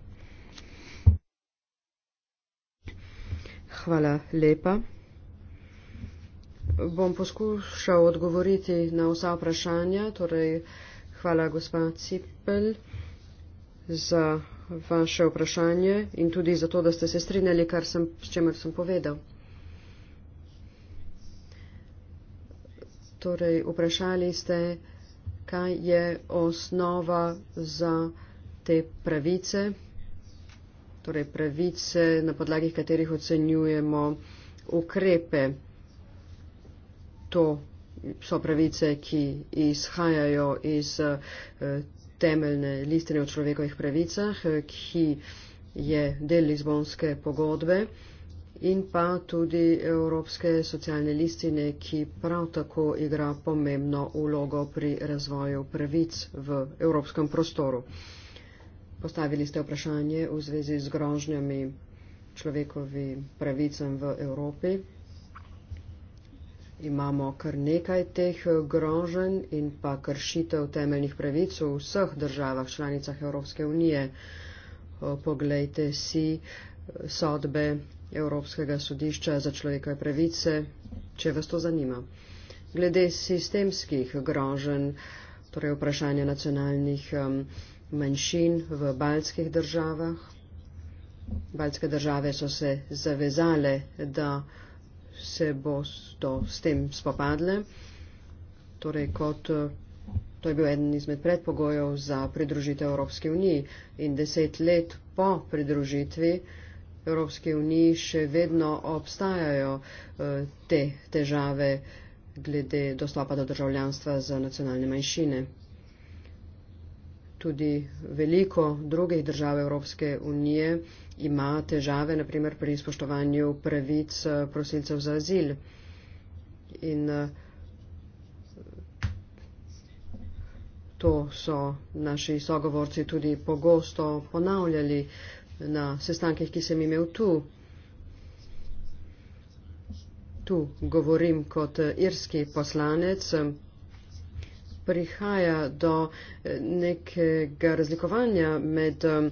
Hvala lepa. Bom poskušal odgovoriti na vsa vprašanja. Torej, hvala, gospa Cipel, za vaše vprašanje in tudi za to, da ste se strinjali, kar sem, s čemer sem povedal. Torej, vprašali ste, kaj je osnova za te pravice torej pravice, na podlagi katerih ocenjujemo ukrepe. To so pravice, ki izhajajo iz eh, temeljne listine o človekovih pravicah, eh, ki je del Lizbonske pogodbe in pa tudi Evropske socialne listine, ki prav tako igra pomembno ulogo pri razvoju pravic v evropskem prostoru. Postavili ste vprašanje v zvezi z grožnjami človekovi pravicam v Evropi. Imamo kar nekaj teh grožen in pa kršitev temeljnih pravic v vseh državah, članicah Evropske unije. Poglejte si sodbe Evropskega sodišča za človekove pravice, če vas to zanima. Glede sistemskih grožen, torej vprašanje nacionalnih um, manjšin v baltskih državah. Baltske države so se zavezale, da se bo to, s tem spopadle. Torej kot, to je bil eden izmed predpogojev za pridružitev Evropske unije in deset let po pridružitvi Evropske unije še vedno obstajajo eh, te težave glede dostopa do državljanstva za nacionalne manjšine tudi veliko drugih držav Evropske unije ima težave, naprimer pri spoštovanju pravic eh, prosilcev za azil. In eh, to so naši sogovorci tudi pogosto ponavljali na sestankih, ki sem imel tu. Tu govorim kot irski poslanec prihaja do eh, nekega razlikovanja med eh,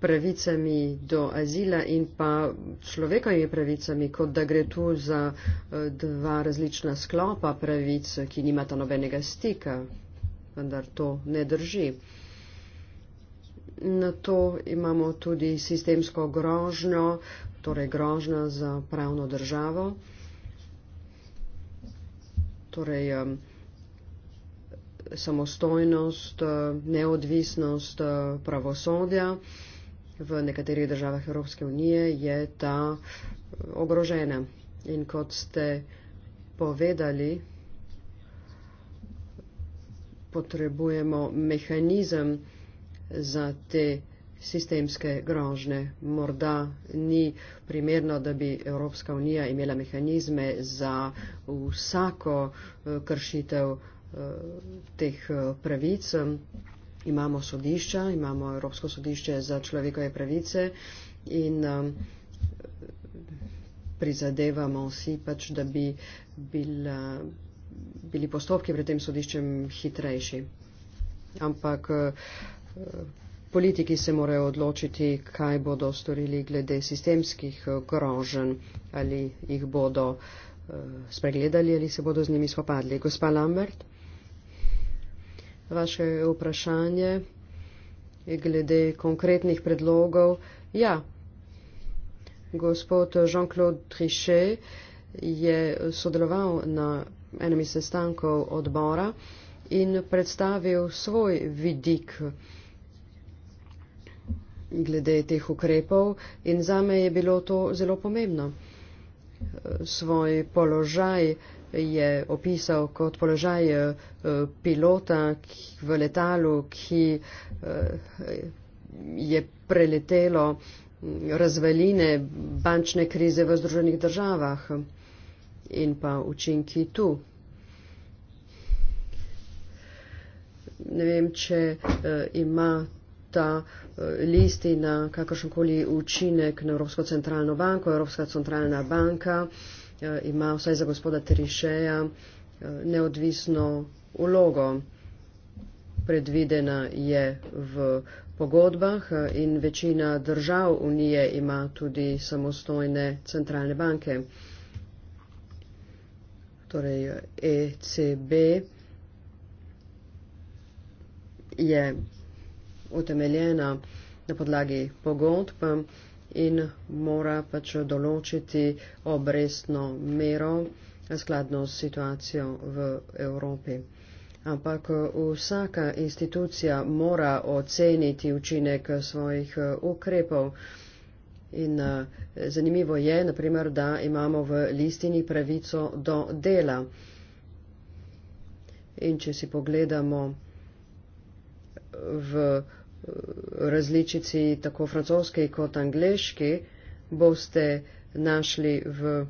pravicami do azila in pa človekovimi pravicami, kot da gre tu za eh, dva različna sklopa pravic, ki nimata nobenega stika, vendar to ne drži. Na to imamo tudi sistemsko grožnjo, torej grožnjo za pravno državo. Torej, um, samostojnost, eh, neodvisnost eh, pravosodja v nekaterih državah Evropske unije je ta eh, ogrožena. In kot ste povedali, potrebujemo mehanizem za te sistemske grožne. Morda ni primerno, da bi Evropska unija imela mehanizme za vsako kršitev teh eh, pravic. Imamo sodišča, imamo Evropsko sodišče za človekove pravice in prizadevamo vsi, pač, da bi bila, bili postopki pred tem sodiščem hitrejši. Ampak eh, politiki se morajo odločiti, kaj bodo storili glede sistemskih eh, groženj, ali jih bodo spregledali ali se bodo z njimi spopadli. Gospa Lambert vaše vprašanje glede konkretnih predlogov. Ja, gospod Jean-Claude Trichet je sodeloval na enem iz sestankov odbora in predstavil svoj vidik glede teh ukrepov in zame je bilo to zelo pomembno. Svoj položaj je opisal kot položaj eh, pilota v letalu, ki eh, je preletelo mm, razvaline bančne krize v Združenih državah in pa učinki tu. Ne vem, če eh, ima ta listi na kakršenkoli učinek na Evropsko centralno banko, Evropska centralna banka. Eh, ima vsaj za gospoda Trišeja eh, neodvisno ulogo. Predvidena je v pogodbah eh, in večina držav Unije ima tudi samostojne centralne banke. Torej ECB je utemeljena na podlagi pogodb in mora pač določiti obrestno mero skladno s situacijo v Evropi. Ampak vsaka institucija mora oceniti učinek svojih ukrepov. In eh, zanimivo je, naprimer, da imamo v listini pravico do dela. In če si pogledamo v različici tako francoski kot angliški boste našli v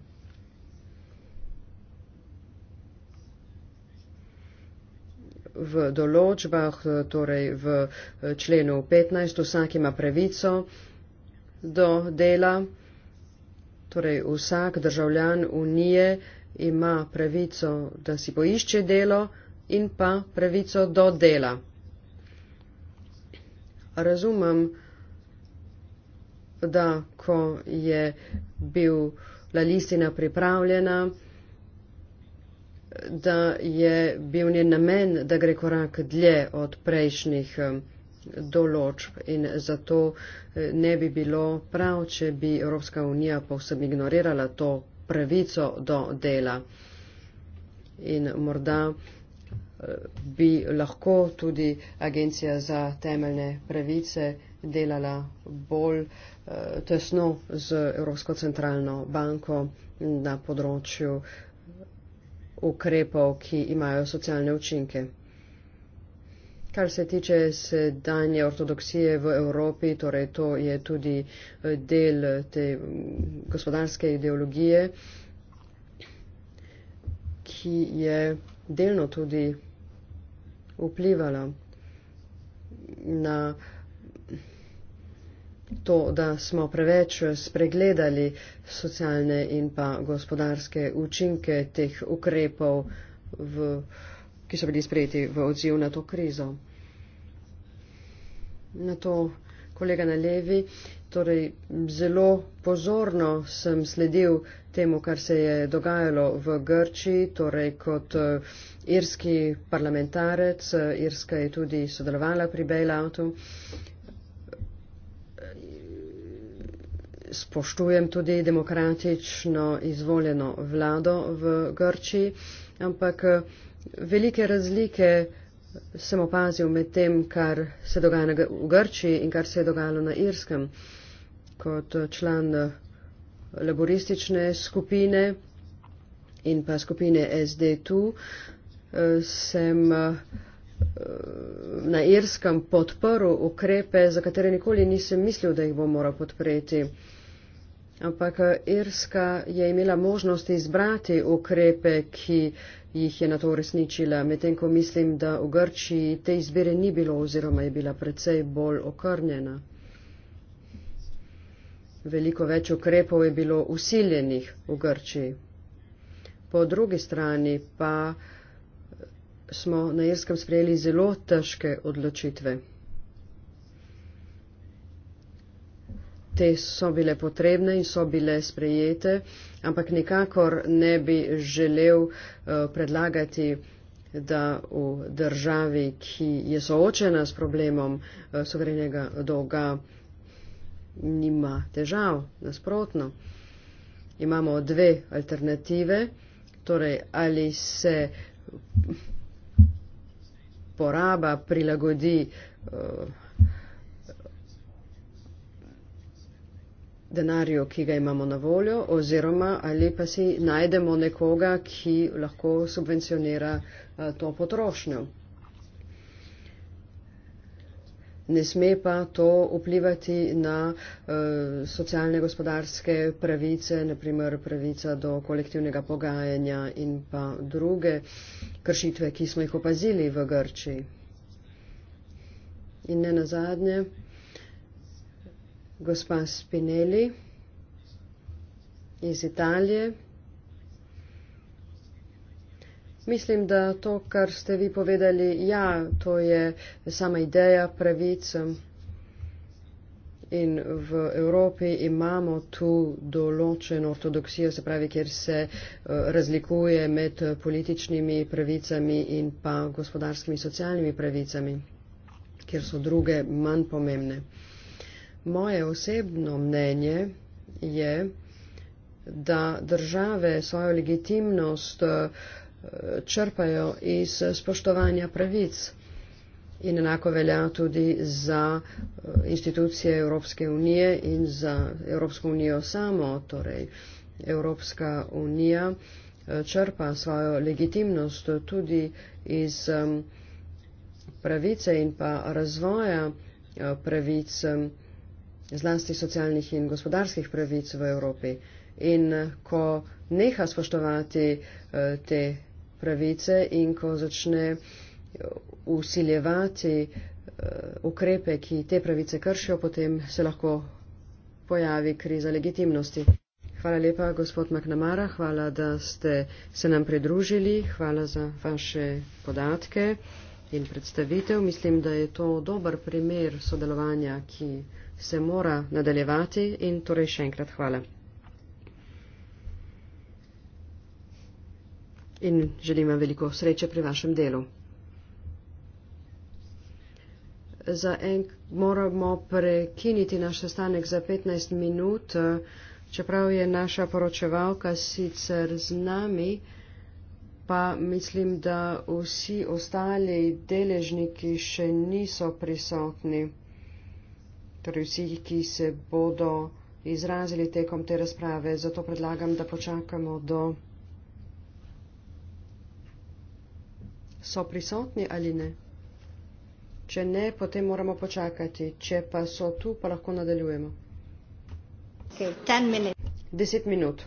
v določbah, torej v členu 15, vsak ima pravico do dela, torej vsak državljan Unije ima pravico, da si poišče delo in pa pravico do dela razumem, da ko je bila listina pripravljena, da je bil njen namen, da gre korak dlje od prejšnjih um, določb in zato eh, ne bi bilo prav, če bi Evropska unija povsem ignorirala to pravico do dela. In morda bi lahko tudi Agencija za temeljne pravice delala bolj eh, tesno z Evropsko centralno banko na področju ukrepov, ki imajo socialne učinke. Kar se tiče sedanje ortodoksije v Evropi, torej to je tudi eh, del te gospodarske ideologije, ki je delno tudi vplivala na to, da smo preveč spregledali socialne in pa gospodarske učinke teh ukrepov, v, ki so bili sprejeti v odziv na to krizo. Na to, kolega na levi, torej zelo pozorno sem sledil temu, kar se je dogajalo v Grčiji, torej kot eh, irski parlamentarec, eh, Irska je tudi sodelovala pri bailoutu. Spoštujem tudi demokratično izvoljeno vlado v Grčiji, ampak eh, velike razlike sem opazil med tem, kar se dogaja v Grčiji in kar se je dogajalo na Irskem. Kot član laboristične skupine in pa skupine SD tu, sem eh, na Irskem podprl ukrepe, za katere nikoli nisem mislil, da jih bom moral podpreti. Ampak eh, Irska je imela možnost izbrati ukrepe, ki jih je na to uresničila, medtem ko mislim, da v Grčiji te izbire ni bilo oziroma je bila precej bolj okrnjena. Veliko več ukrepov je bilo usiljenih v Grčiji. Po drugi strani pa smo na Irskem sprejeli zelo težke odločitve. Te so bile potrebne in so bile sprejete, ampak nikakor ne bi želel eh, predlagati, da v državi, ki je soočena s problemom eh, suverenega dolga, nima težav, nasprotno. Imamo dve alternative, torej ali se poraba prilagodi eh, denarju, ki ga imamo na voljo, oziroma ali pa si najdemo nekoga, ki lahko subvencionira eh, to potrošnjo ne sme pa to vplivati na eh, socialne gospodarske pravice, naprimer pravica do kolektivnega pogajanja in pa druge kršitve, ki smo jih opazili v Grčiji. In ne nazadnje, gospa Spinelli iz Italije. Mislim, da to, kar ste vi povedali, ja, to je sama ideja pravic. Um, in v Evropi imamo tu določeno ortodoksijo, se pravi, kjer se uh, razlikuje med političnimi pravicami in pa gospodarskimi socialnimi pravicami, kjer so druge manj pomembne. Moje osebno mnenje je, da države svojo legitimnost uh, črpajo iz spoštovanja pravic. In enako velja tudi za eh, institucije Evropske unije in za Evropsko unijo samo. Torej, Evropska unija eh, črpa svojo legitimnost tudi iz pravice in pa razvoja eh, pravic, zlasti socialnih in gospodarskih pravic v Evropi. In ko neha spoštovati te pravice in ko začne usiljevati eh, ukrepe, ki te pravice kršijo, potem se lahko pojavi kriza legitimnosti. Hvala lepa, gospod McNamara, hvala, da ste se nam pridružili, hvala za vaše podatke in predstavitev. Mislim, da je to dober primer sodelovanja, ki se mora nadaljevati in torej še enkrat hvala. in želim vam veliko sreče pri vašem delu. Za en moramo prekiniti naš sestanek za 15 minut, čeprav je naša poročevalka sicer z nami, pa mislim, da vsi ostali deležniki še niso prisotni, torej vsi, ki se bodo izrazili tekom te razprave. Zato predlagam, da počakamo do. so prisotni ali ne. Če ne, potem moramo počakati. Če pa so tu, pa lahko nadaljujemo. Okay, 10 minut. 10 minut.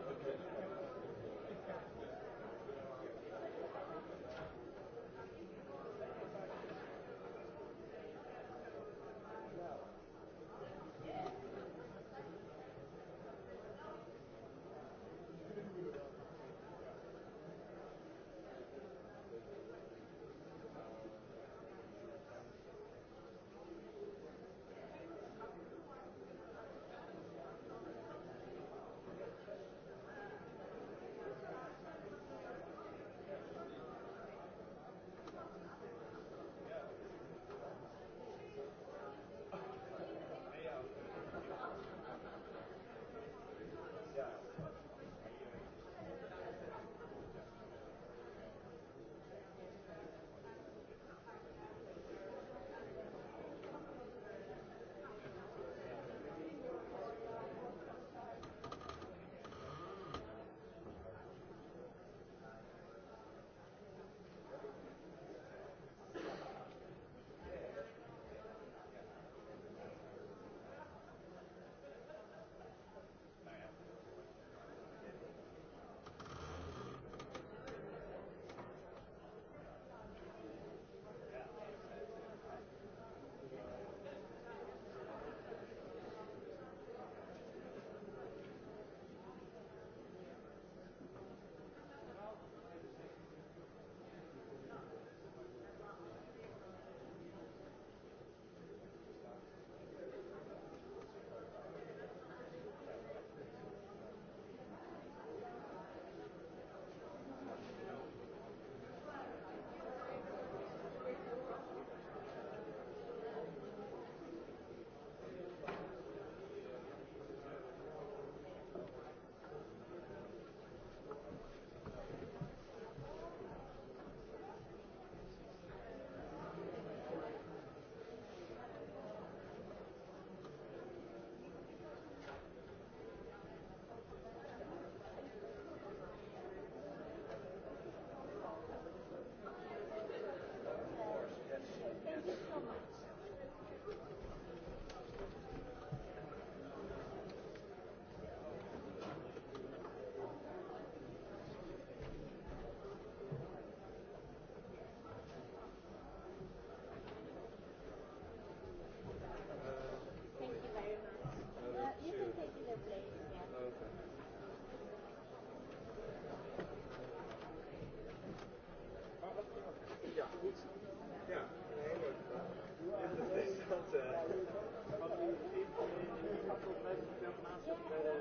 Euh,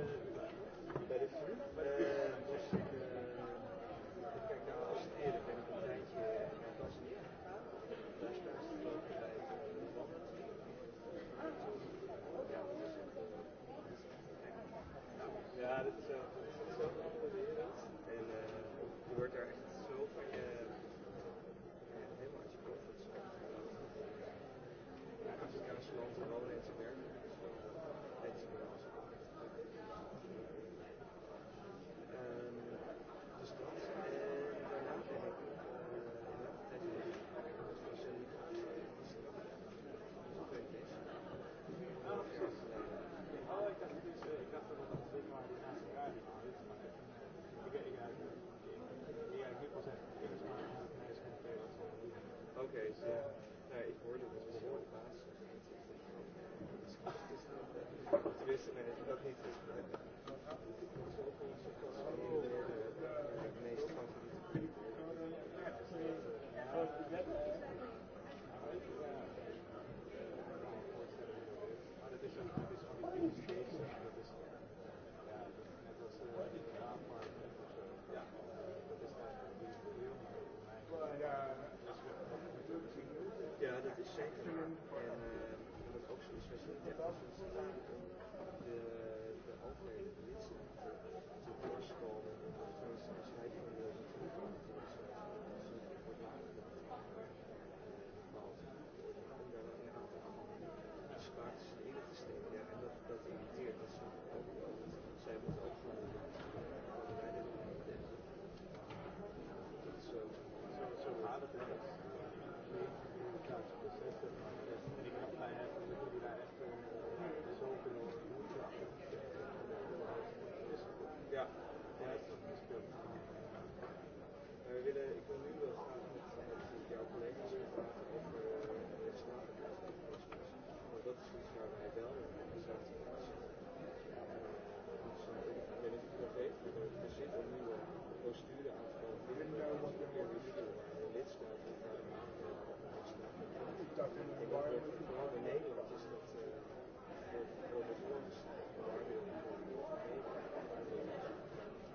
ben les flux, euh,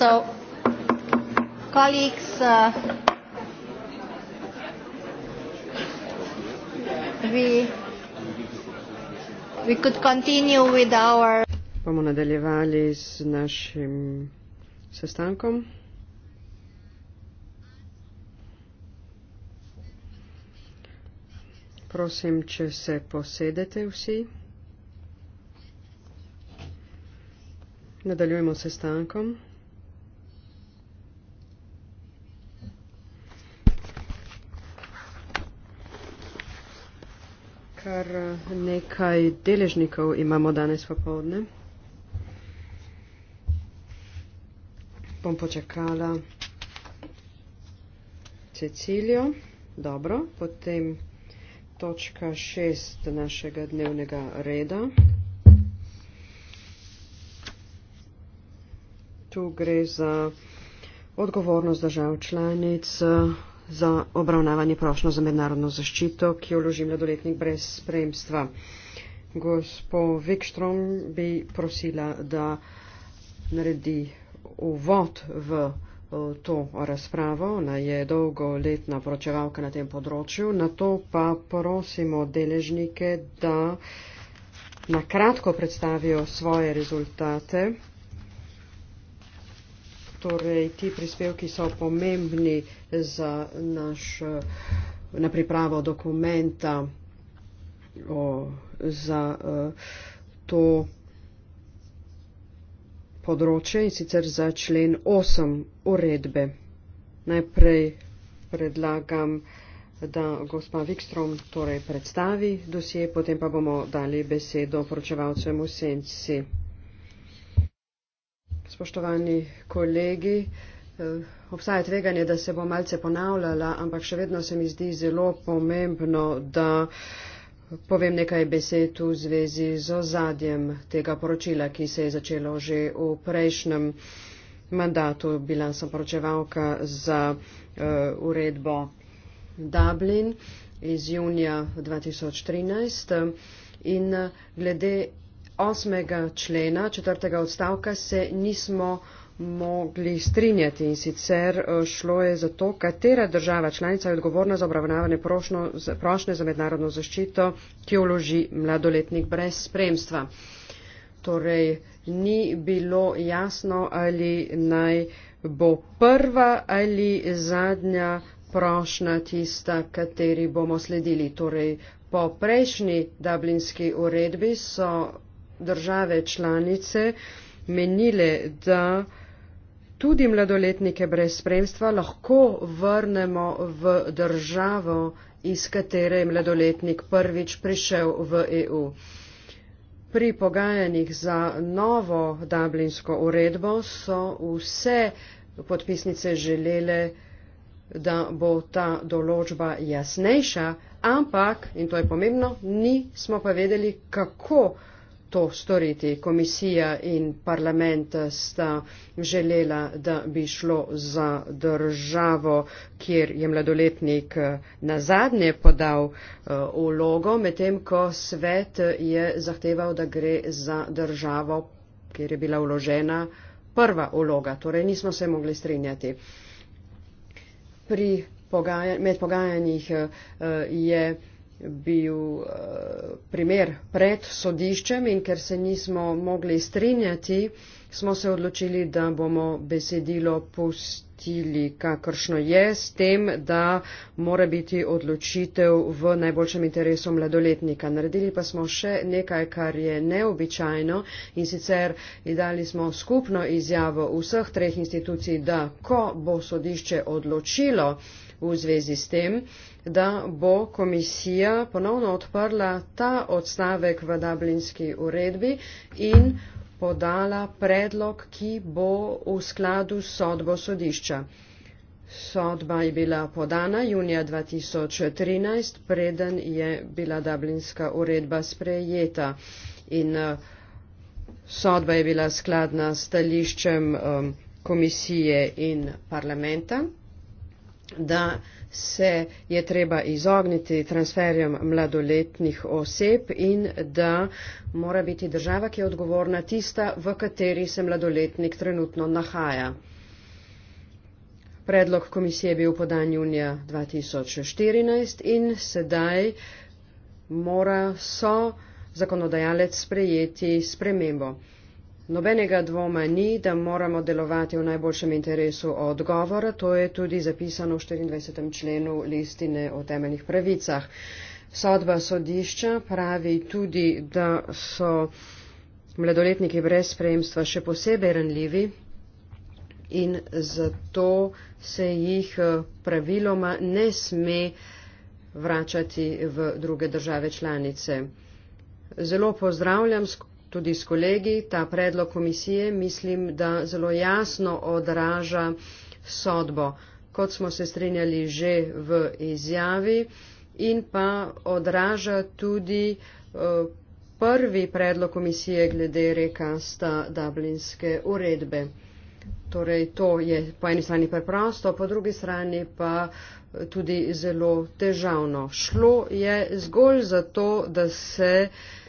So, colleagues, uh, we, we could continue with our. Bomo nadaljevali z našim sestankom. Prosim, če se posedete vsi. Nadaljujemo sestankom. kar nekaj deležnikov imamo danes popovdne. Bom počakala Cecilijo, dobro, potem točka šest našega dnevnega reda. Tu gre za odgovornost držav članic za obravnavanje prošlo za mednarodno zaščito, ki jo vloži mladoletnik brez spremstva. Gospo Vikštrom bi prosila, da naredi uvod v eh, to razpravo. Ona je dolgoletna poročevalka na tem področju. Na to pa prosimo deležnike, da na kratko predstavijo svoje rezultate torej ti prispevki so pomembni za naš na pripravo dokumenta o, za uh, to področje in sicer za člen 8 uredbe. Najprej predlagam, da gospa Vikstrom torej predstavi dosje, potem pa bomo dali besedo poročevalcem v senci spoštovani kolegi. Eh, obstaja tveganje, da se bo malce ponavljala, ampak še vedno se mi zdi zelo pomembno, da povem nekaj besed v zvezi z ozadjem tega poročila, ki se je začelo že v prejšnjem mandatu. Bila sem poročevalka za uh, uredbo Dublin iz junija 2013 in eh, glede 8. člena, četrtega odstavka, se nismo mogli strinjati in sicer eh, šlo je za to, katera država članica je odgovorna za obravnavanje prošnje za mednarodno zaščito, ki jo vloži mladoletnik brez spremstva. Torej, ni bilo jasno, ali naj bo prva ali zadnja prošnja tista, kateri bomo sledili. Torej, po prejšnji dublinski uredbi so države članice menile, da tudi mladoletnike brez spremstva lahko vrnemo v državo, iz katere je mladoletnik prvič prišel v EU. Pri pogajanjih za novo dublinsko uredbo so vse podpisnice želele, da bo ta določba jasnejša, ampak, in to je pomembno, nismo pa vedeli, kako to storiti. Komisija in parlament sta želela, da bi šlo za državo, kjer je mladoletnik eh, nazadnje podal eh, vlogo, medtem ko svet je zahteval, da gre za državo, kjer je bila vložena prva vloga. Torej nismo se mogli strinjati. Pri pogaja med pogajanjih eh, je bil uh, primer pred sodiščem in ker se nismo mogli strinjati, smo se odločili, da bomo besedilo pustili, kakršno je, s tem, da mora biti odločitev v najboljšem interesu mladoletnika. Naredili pa smo še nekaj, kar je neobičajno in sicer dali smo skupno izjavo vseh treh institucij, da ko bo sodišče odločilo, uh, v zvezi s tem, da bo komisija ponovno odprla ta odstavek v Dublinski uredbi in podala predlog, ki bo v skladu s sodbo sodišča. Sodba je bila podana junija 2013, preden je bila Dublinska uredba sprejeta. In eh, sodba je bila skladna s stališčem eh, komisije in parlamenta da se je treba izogniti transferjem mladoletnih oseb in da mora biti država, ki je odgovorna, tista, v kateri se mladoletnik trenutno nahaja. Predlog komisije je bil podan junija 2014 in sedaj mora so zakonodajalec sprejeti spremembo. Nobenega dvoma ni, da moramo delovati v najboljšem interesu odgovora, to je tudi zapisano v 24. členu listine o temeljnih pravicah. Sodba sodišča pravi tudi, da so mladoletniki brez spremstva še posebej ranljivi in zato se jih eh, praviloma ne sme vračati v druge države članice. Zelo pozdravljam tudi s kolegi, ta predlog komisije mislim, da zelo jasno odraža sodbo, kot smo se strinjali že v izjavi in pa odraža tudi eh, prvi predlog komisije glede rekasta dublinske uredbe. Torej, to je po eni strani preprosto, po drugi strani pa eh, tudi zelo težavno. Šlo je zgolj zato, da se uh,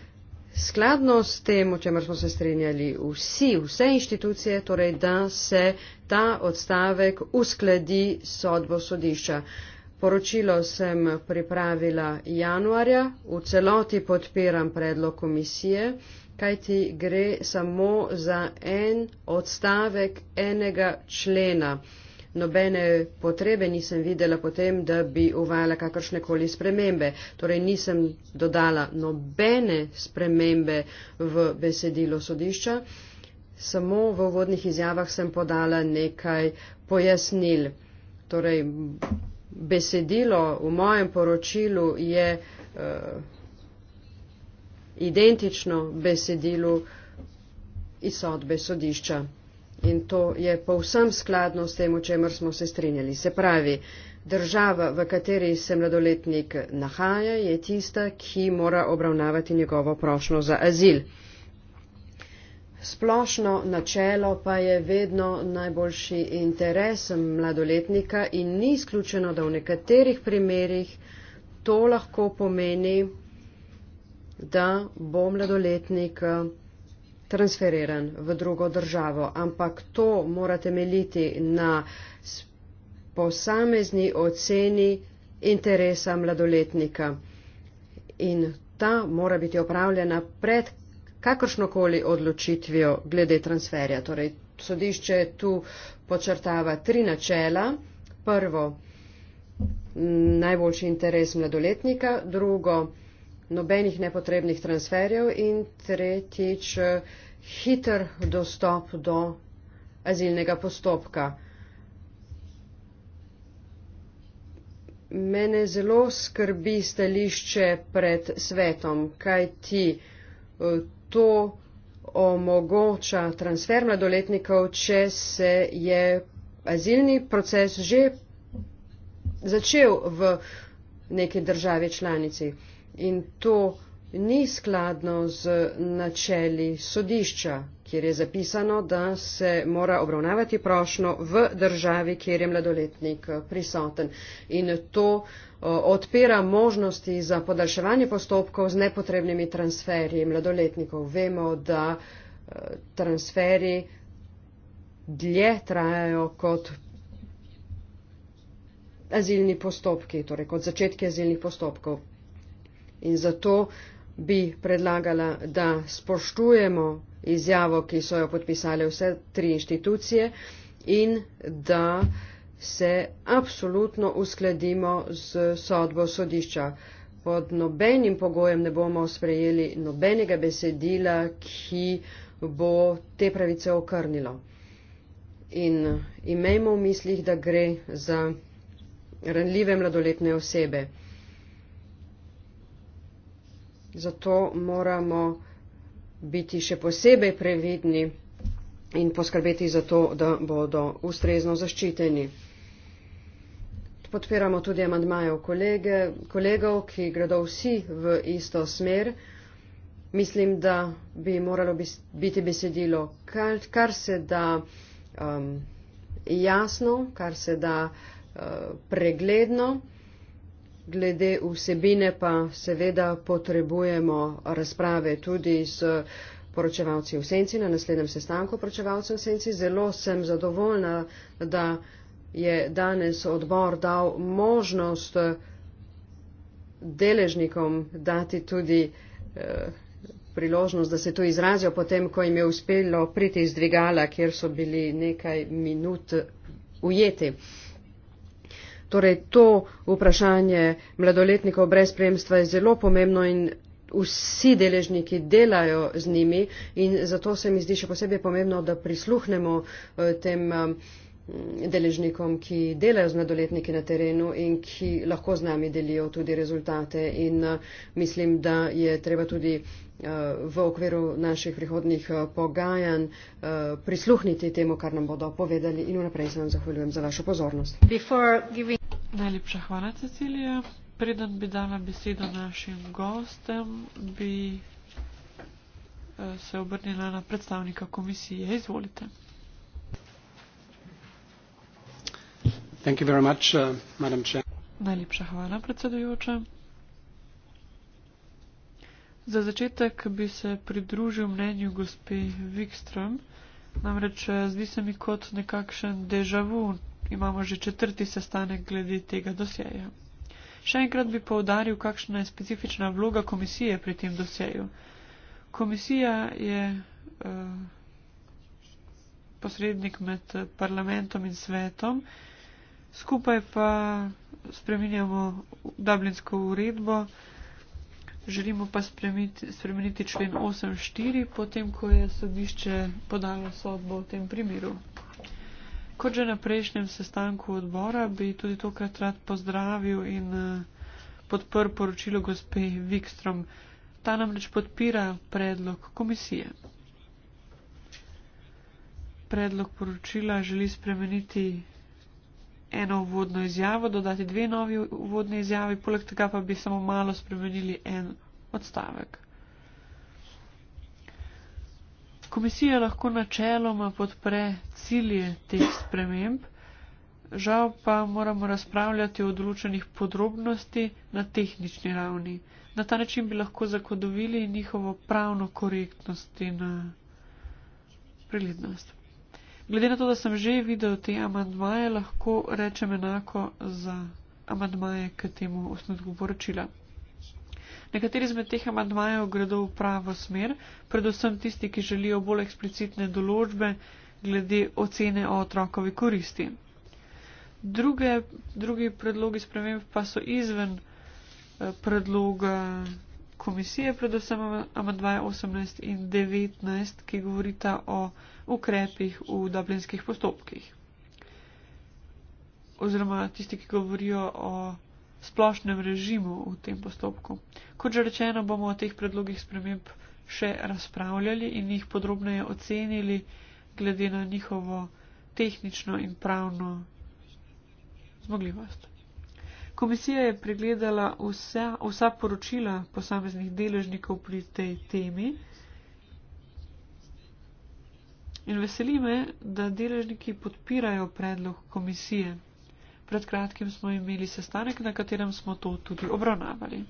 skladno s tem, o čemer smo se strinjali vsi, vse inštitucije, torej da se ta odstavek uskladi sodbo sodišča. Poročilo sem pripravila januarja, v celoti podpiram predlog komisije, kajti gre samo za en odstavek enega člena nobene potrebe nisem videla potem, da bi uvajala kakršne koli spremembe. Torej nisem dodala nobene spremembe v besedilo sodišča, samo v uvodnih izjavah sem podala nekaj pojasnil. Torej, besedilo v mojem poročilu je uh, identično besedilu iz sodbe sodišča in to je povsem skladno s tem, o čemer smo se strinjali. Se pravi, država, v kateri se mladoletnik nahaja, je tista, ki mora obravnavati njegovo prošlo za azil. Splošno načelo pa je vedno najboljši interes mladoletnika in ni izključeno, da v nekaterih primerjih to lahko pomeni, da bo mladoletnik transfereran v drugo državo, ampak to mora temeljiti na posamezni oceni interesa mladoletnika. In ta mora biti opravljena pred kakršnokoli odločitvijo glede transferja. Torej, sodišče tu počrtava tri načela. Prvo, najboljši interes mladoletnika, drugo, nobenih nepotrebnih transferjev in tretjič hiter dostop do azilnega postopka. Mene zelo skrbi stališče pred svetom, kaj ti eh, to omogoča transfer mladoletnikov, če se je azilni proces že začel v neki državi članici in to ni skladno z načeli sodišča, kjer je zapisano, da se mora obravnavati prošno v državi, kjer je mladoletnik eh, prisoten. In to eh, odpira možnosti za podaljševanje postopkov z nepotrebnimi transferji mladoletnikov. Vemo, da eh, transferi dlje trajajo kot azilni postopki, torej kot začetki azilnih postopkov. In zato bi predlagala, da spoštujemo izjavo, ki so jo podpisale vse tri inštitucije in da se absolutno uskladimo z sodbo sodišča. Pod nobenim pogojem ne bomo sprejeli nobenega besedila, ki bo te pravice okrnilo. In imejmo v mislih, da gre za ranljive mladoletne osebe. Zato moramo biti še posebej previdni in poskrbeti za to, da bodo ustrezno zaščiteni. Podpiramo tudi amadmajev kolegov, ki gredo vsi v isto smer. Mislim, da bi moralo biti besedilo kar, kar se da um, jasno, kar se da uh, pregledno glede vsebine pa seveda potrebujemo razprave tudi s poročevalci v senci na naslednjem sestanku poročevalcev v senci. Zelo sem zadovoljna, da je danes odbor dal možnost deležnikom dati tudi eh, priložnost, da se tu izrazijo potem, ko jim je uspelo priti iz dvigala, kjer so bili nekaj minut ujeti. Torej, to vprašanje mladoletnikov brez spremstva je zelo pomembno in vsi deležniki delajo z njimi in zato se mi zdi še posebej pomembno, da prisluhnemo eh, tem eh, deležnikom, ki delajo z mladoletniki na terenu in ki lahko z nami delijo tudi rezultate. In eh, mislim, da je treba tudi v okviru naših prihodnih eh, pogajanj eh, prisluhniti temu, kar nam bodo povedali in vnaprej se vam zahvaljujem za vašo pozornost. Giving... Najlepša hvala, Cecilija. Preden bi dala besedo našim gostem, bi eh, se obrnila na predstavnika komisije. Izvolite. Thank you very much, uh, Najlepša hvala, predsedujoča. Za začetek bi se pridružil mnenju gospe Wikström, namreč eh, zdi se mi kot nekakšen dežavu, imamo že četrti sestanek glede tega dosjeja. Še enkrat bi povdaril, kakšna je specifična vloga komisije pri tem dosjeju. Komisija je uh, posrednik med parlamentom in svetom, skupaj pa spreminjamo Dublinsko uredbo. Želimo pa spremeniti člen 8.4, potem ko je sodišče podalo sodbo v tem primeru. Kot že na prejšnjem sestanku odbora, bi tudi tokrat rad pozdravil in eh, podprl poročilo gospe Vikstrom. Ta namreč podpira predlog komisije. Predlog poročila želi spremeniti eno uvodno izjavo, dodati dve novi uvodne izjavi, poleg tega pa bi samo malo spremenili en odstavek. Komisija lahko načeloma podpre cilje teh sprememb, žal pa moramo razpravljati o odločenih podrobnosti na tehnični ravni. Na ta način bi lahko zagotovili njihovo pravno korektnost in eh, preglednost. Glede na to, da sem že videl te amandmaje, lahko rečem enako za amandmaje k temu osnutku poročila. Nekateri izmed teh amandmajev gredo v pravo smer, predvsem tisti, ki želijo bolj eksplicitne določbe glede ocene o otrokovi koristi. Druge, drugi predlogi sprememb pa so izven eh, predloga komisije, predvsem amadvaja 18 in 19, ki govorita o ukrepih v dublinskih postopkih. Oziroma tisti, ki govorijo o splošnem režimu v tem postopku. Kot že rečeno, bomo o teh predlogih sprememb še razpravljali in jih podrobneje ocenili glede na njihovo tehnično in pravno zmogljivost. Komisija je pregledala vsa, vsa poročila posameznih deležnikov pri tej temi. In veseli me, da deležniki podpirajo predlog komisije. Pred kratkim smo imeli sestanek, na katerem smo to tudi obravnavali.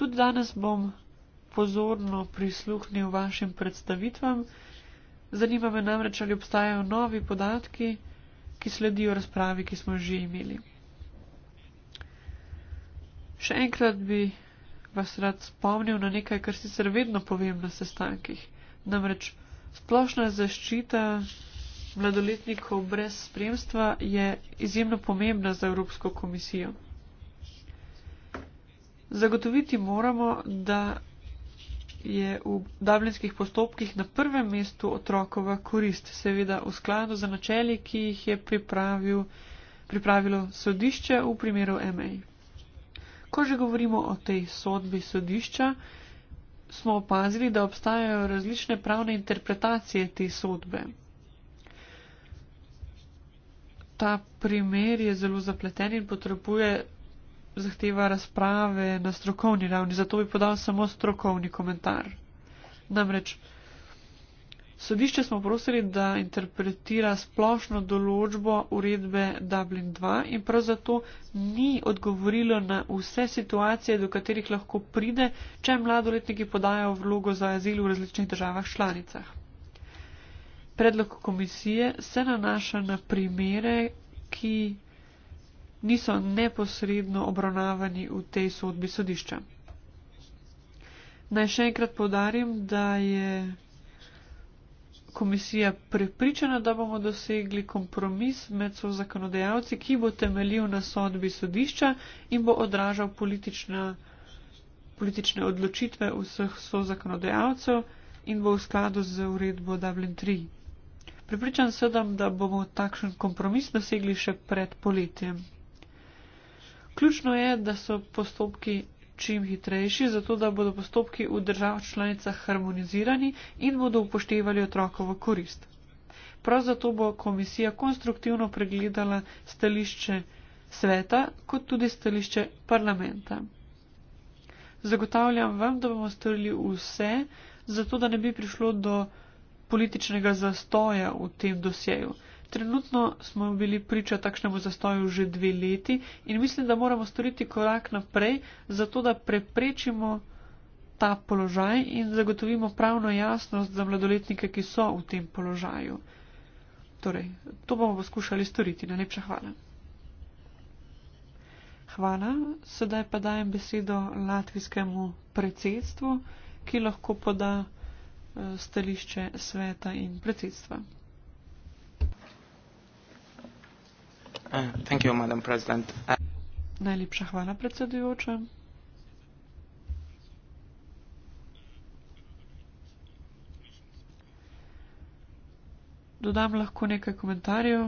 Tudi danes bom pozorno prisluhnil vašim predstavitvam. Zanima me namreč, ali obstajajo novi podatki, ki sledijo razpravi, ki smo že imeli. Še enkrat bi vas rad spomnil na nekaj, kar sicer vedno povem na sestankih. Namreč splošna zaščita mladoletnikov brez spremstva je izjemno pomembna za Evropsko komisijo. Zagotoviti moramo, da je v davljenskih postopkih na prvem mestu otrokova korist, seveda v skladu za načeli, ki jih je pripravil, pripravilo sodišče v primeru MEI. Ko že govorimo o tej sodbi sodišča, smo opazili, da obstajajo različne pravne interpretacije te sodbe. Ta primer je zelo zapleten in potrebuje zahteva razprave na strokovni ravni, zato bi podal samo strokovni komentar. Namreč, Sodišče smo prosili, da interpretira splošno določbo uredbe Dublin 2 in prav zato ni odgovorilo na vse situacije, do katerih lahko pride, če mladoletniki podajo vlogo za azil v različnih državah članicah. Predlog komisije se nanaša na primere, ki niso neposredno obravnavani v tej sodbi sodišča. Naj še enkrat podarim, da je komisija prepričana, da bomo dosegli kompromis med so zakonodajalci, ki bo temeljil na sodbi sodišča in bo odražal politična, politične odločitve vseh so zakonodajalcev in bo v skladu z uredbo Dublin 3. Pripričan sem, da bomo takšen kompromis dosegli še pred poletjem. Ključno je, da so postopki čim hitrejši, zato da bodo postopki v državah članicah harmonizirani in bodo upoštevali otrokovo korist. Prav zato bo komisija konstruktivno pregledala stališče sveta, kot tudi stališče parlamenta. Zagotavljam vam, da bomo storili vse, zato da ne bi prišlo do političnega zastoja v tem dosjeju. Trenutno smo bili priča takšnemu zastoju že dve leti in mislim, da moramo storiti korak naprej, zato da preprečimo ta položaj in zagotovimo pravno jasnost za mladoletnike, ki so v tem položaju. Torej, to bomo poskušali storiti. Najlepša hvala. Hvala. Sedaj pa dajem besedo latvijskemu predsedstvu, ki lahko poda eh, stališče sveta in predsedstva. Uh, thank you, Madam President. Uh, Najlepša hvala, predsedujoča. Dodam lahko nekaj komentarjev.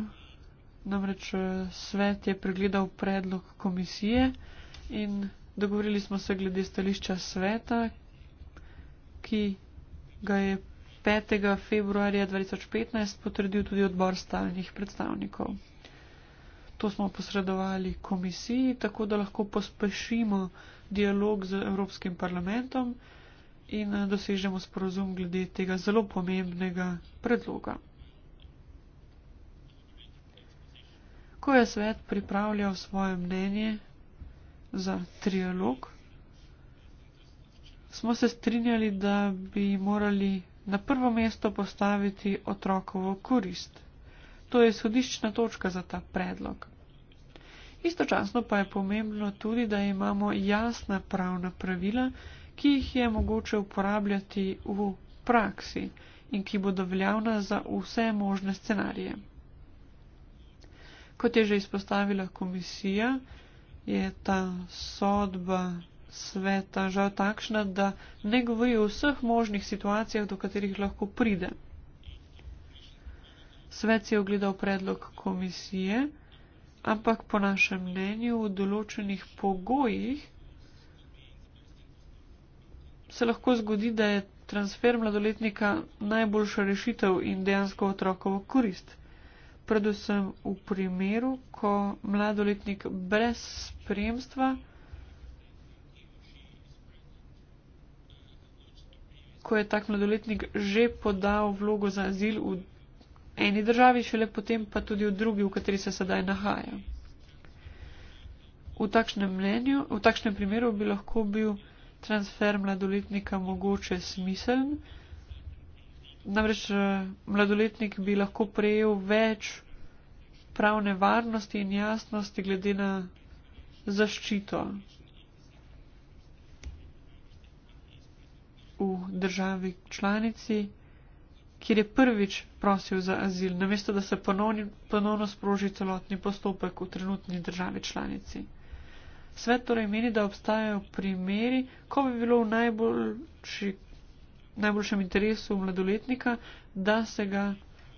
Namreč eh, svet je pregledal predlog komisije in dogovorili smo se glede stališča sveta, ki ga je 5. februarja 2015 potrdil tudi odbor stalnih predstavnikov. To smo posredovali komisiji, tako da lahko pospešimo dialog z Evropskim parlamentom in eh, dosežemo sporozum glede tega zelo pomembnega predloga. Ko je svet pripravljal svoje mnenje za trialog, smo se strinjali, da bi morali na prvo mesto postaviti otrokovo korist. To je sodiščna točka za ta predlog. Istočasno pa je pomembno tudi, da imamo jasna pravna pravila, ki jih je mogoče uporabljati v praksi in ki bodo veljavna za vse možne scenarije. Kot je že izpostavila komisija, je ta sodba sveta žal takšna, da ne govori o vseh možnih situacijah, do katerih lahko pride. Svet si je ogledal predlog komisije ampak po našem mnenju v določenih pogojih se lahko zgodi, da je transfer mladoletnika najboljša rešitev in dejansko otrokovo korist. Predvsem v primeru, ko mladoletnik brez spremstva Ko je tak mladoletnik že podal vlogo za azil v eni državi, šele potem pa tudi v drugi, v kateri se sedaj nahaja. V takšnem, mnenju, v takšnem primeru bi lahko bil transfer mladoletnika mogoče smiseln, namreč eh, mladoletnik bi lahko prejel več pravne varnosti in jasnosti glede na zaščito v državi članici kjer je prvič prosil za azil, namesto da se ponovni, ponovno sproži celotni postopek v trenutni državi članici. Svet torej meni, da obstajajo primeri, ko bi bilo v najboljši, najboljšem interesu mladoletnika, da se ga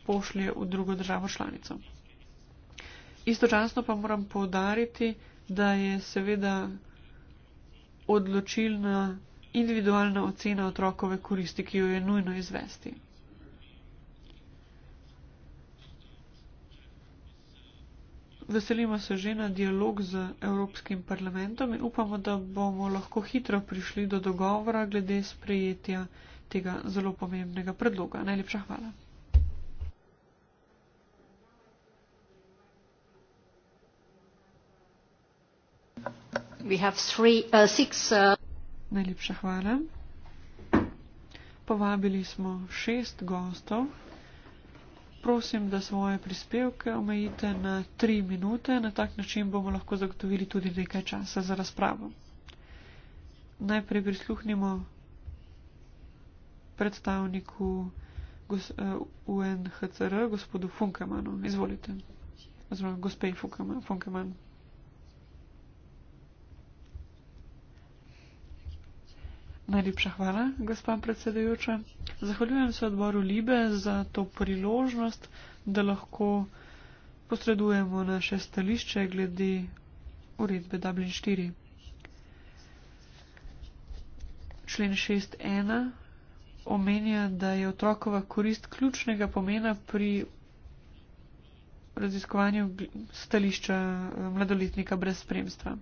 pošlje v drugo državo članico. Istočasno pa moram povdariti, da je seveda odločilna individualna ocena otrokove koristi, ki jo je nujno izvesti. Veselimo se že na dialog z Evropskim parlamentom in upamo, da bomo lahko hitro prišli do dogovora glede sprejetja tega zelo pomembnega predloga. Najlepša hvala. Three, uh, six, uh... Najlepša hvala. Povabili smo šest gostov prosim, da svoje prispevke omejite na tri minute. Na tak način bomo lahko zagotovili tudi nekaj časa za razpravo. Najprej prisluhnimo predstavniku eh, UNHCR, gospodu Funkemanu. Izvolite. Oziroma, gospej Funkeman. Funkeman. Najlepša hvala, gospa predsedujoča. Zahvaljujem se odboru Libe za to priložnost, da lahko posredujemo naše stališče glede uredbe Dublin 4. Člen 6.1 omenja, da je otrokova korist ključnega pomena pri raziskovanju stališča mladoletnika brez spremstva.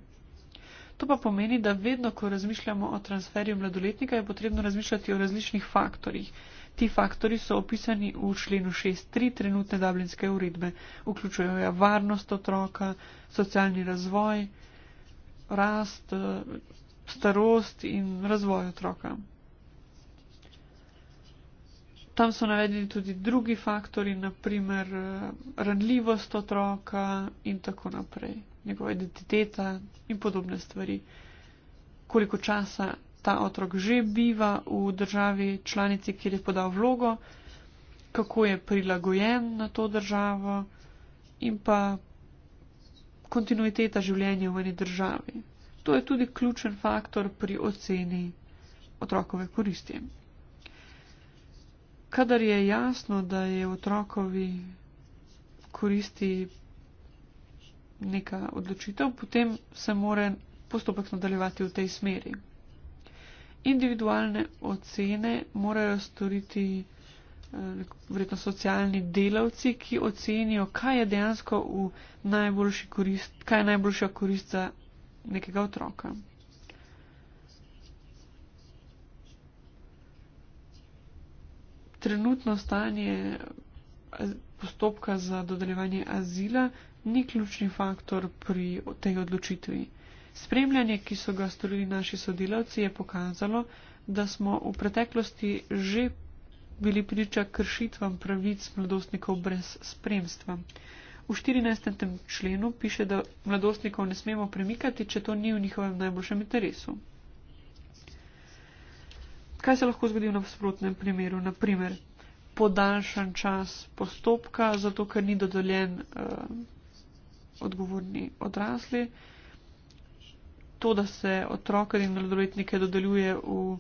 To pa pomeni, da vedno, ko razmišljamo o transferju mladoletnika, je potrebno razmišljati o različnih faktorjih. Ti faktori so opisani v členu 6.3 trenutne dublinske uredbe. Vključujejo varnost otroka, socialni razvoj, rast, starost in razvoj otroka. Tam so navedeni tudi drugi faktori, naprimer eh, ranljivost otroka in tako naprej njegova identiteta in podobne stvari. Koliko časa ta otrok že biva v državi članici, kjer je podal vlogo, kako je prilagojen na to državo in pa kontinuiteta življenja v eni državi. To je tudi ključen faktor pri oceni otrokove koristi. Kadar je jasno, da je otrokovi koristi neka odločitev, potem se more postopek nadaljevati v tej smeri. Individualne ocene morajo storiti eh, verjetno socialni delavci, ki ocenijo, kaj je dejansko v najboljši korist, kaj je najboljša korist za nekega otroka. Trenutno stanje eh, postopka za dodeljevanje azila ni ključni faktor pri tej odločitvi. Spremljanje, ki so ga storili naši sodelavci, je pokazalo, da smo v preteklosti že bili priča kršitvam pravic mladostnikov brez spremstva. V 14. členu piše, da mladostnikov ne smemo premikati, če to ni v njihovem najboljšem interesu. Kaj se lahko zgodi v nasprotnem primeru? Naprimer, podaljšan čas postopka, zato ker ni dodeljen uh, odgovorni odrasli. To, da se otroke in mladoletnike dodeljuje v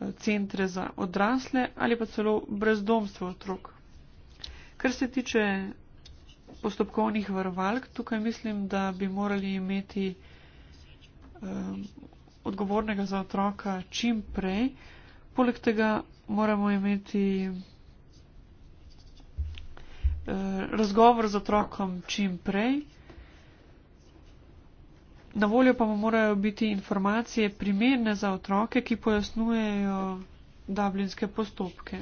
eh, centre za odrasle ali pa celo brezdomstvo otrok. Kar se tiče postopkovnih varovalk, tukaj mislim, da bi morali imeti um, odgovornega za otroka čim prej. Poleg tega moramo imeti razgovor z otrokom čim prej. Na voljo pa mu morajo biti informacije primerne za otroke, ki pojasnujejo dublinske postopke.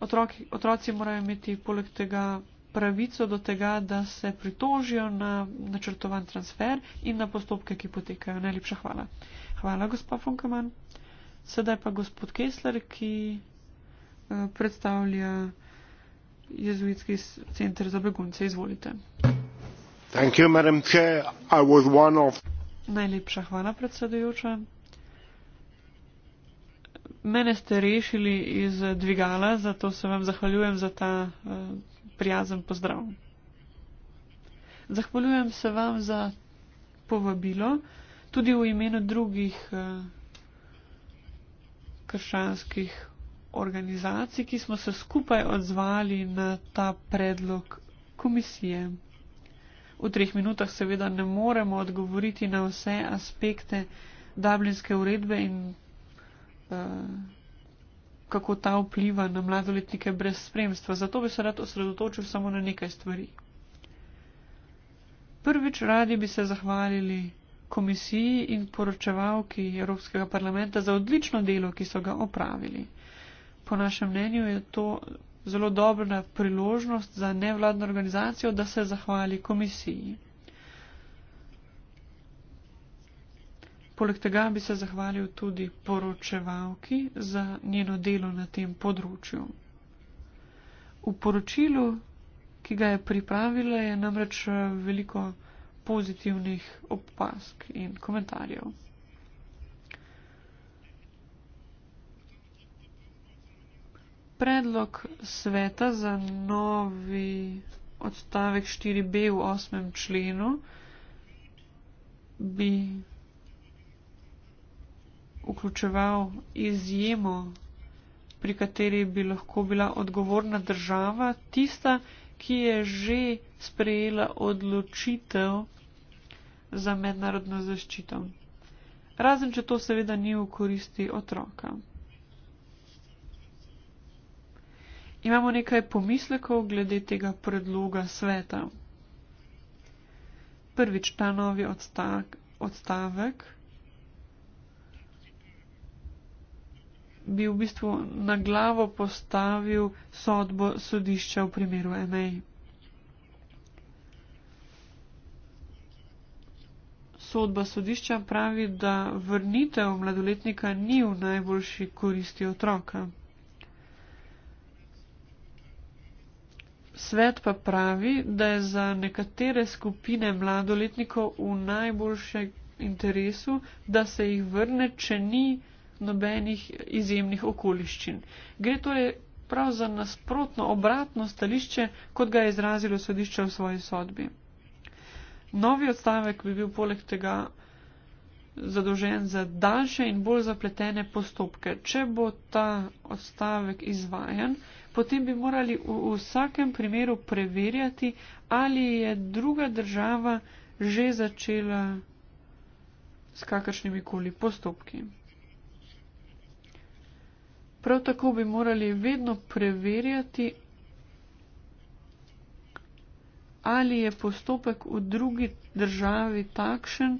Otrok, otroci morajo imeti poleg tega pravico do tega, da se pritožijo na načrtovan transfer in na postopke, ki potekajo. Najlepša hvala. Hvala, gospa Funkeman. Sedaj pa gospod Kessler, ki uh, predstavlja jezuitski center za begunce. Izvolite. You, of... Najlepša hvala, predsedujoča. Mene ste rešili iz dvigala, zato se vam zahvaljujem za ta eh, prijazen pozdrav. Zahvaljujem se vam za povabilo, tudi v imenu drugih eh, krščanskih organizacij, ki smo se skupaj odzvali na ta predlog komisije. V treh minutah seveda ne moremo odgovoriti na vse aspekte Dublinske uredbe in uh, kako ta vpliva na mladoletnike brez spremstva. Zato bi se rad osredotočil samo na nekaj stvari. Prvič radi bi se zahvalili komisiji in poročevalki Evropskega parlamenta za odlično delo, ki so ga opravili po našem mnenju je to zelo dobra priložnost za nevladno organizacijo, da se zahvali komisiji. Poleg tega bi se zahvalil tudi poročevalki za njeno delo na tem področju. V poročilu, ki ga je pripravila, je namreč eh, veliko pozitivnih opask in komentarjev. predlog sveta za novi odstavek 4b v 8. členu bi vključeval izjemo, pri kateri bi lahko bila odgovorna država tista, ki je že sprejela odločitev za mednarodno zaščito. Razen, če to seveda ni v koristi otroka. imamo nekaj pomislekov glede tega predloga sveta. Prvič ta novi odstak, odstavek bi v bistvu na glavo postavil sodbo sodišča v primeru MA. Sodba sodišča pravi, da vrnitev mladoletnika ni v najboljši koristi otroka. Svet pa pravi, da je za nekatere skupine mladoletnikov v najboljšem interesu, da se jih vrne, če ni nobenih izjemnih okoliščin. Gre torej prav za nasprotno obratno stališče, kot ga je izrazilo sodišče v svoji sodbi. Novi odstavek bi bil poleg tega zadolžen za daljše in bolj zapletene postopke. Če bo ta odstavek izvajan, potem bi morali v vsakem primeru preverjati, ali je druga država že začela s kakršnimi koli postopki. Prav tako bi morali vedno preverjati, ali je postopek v drugi državi takšen,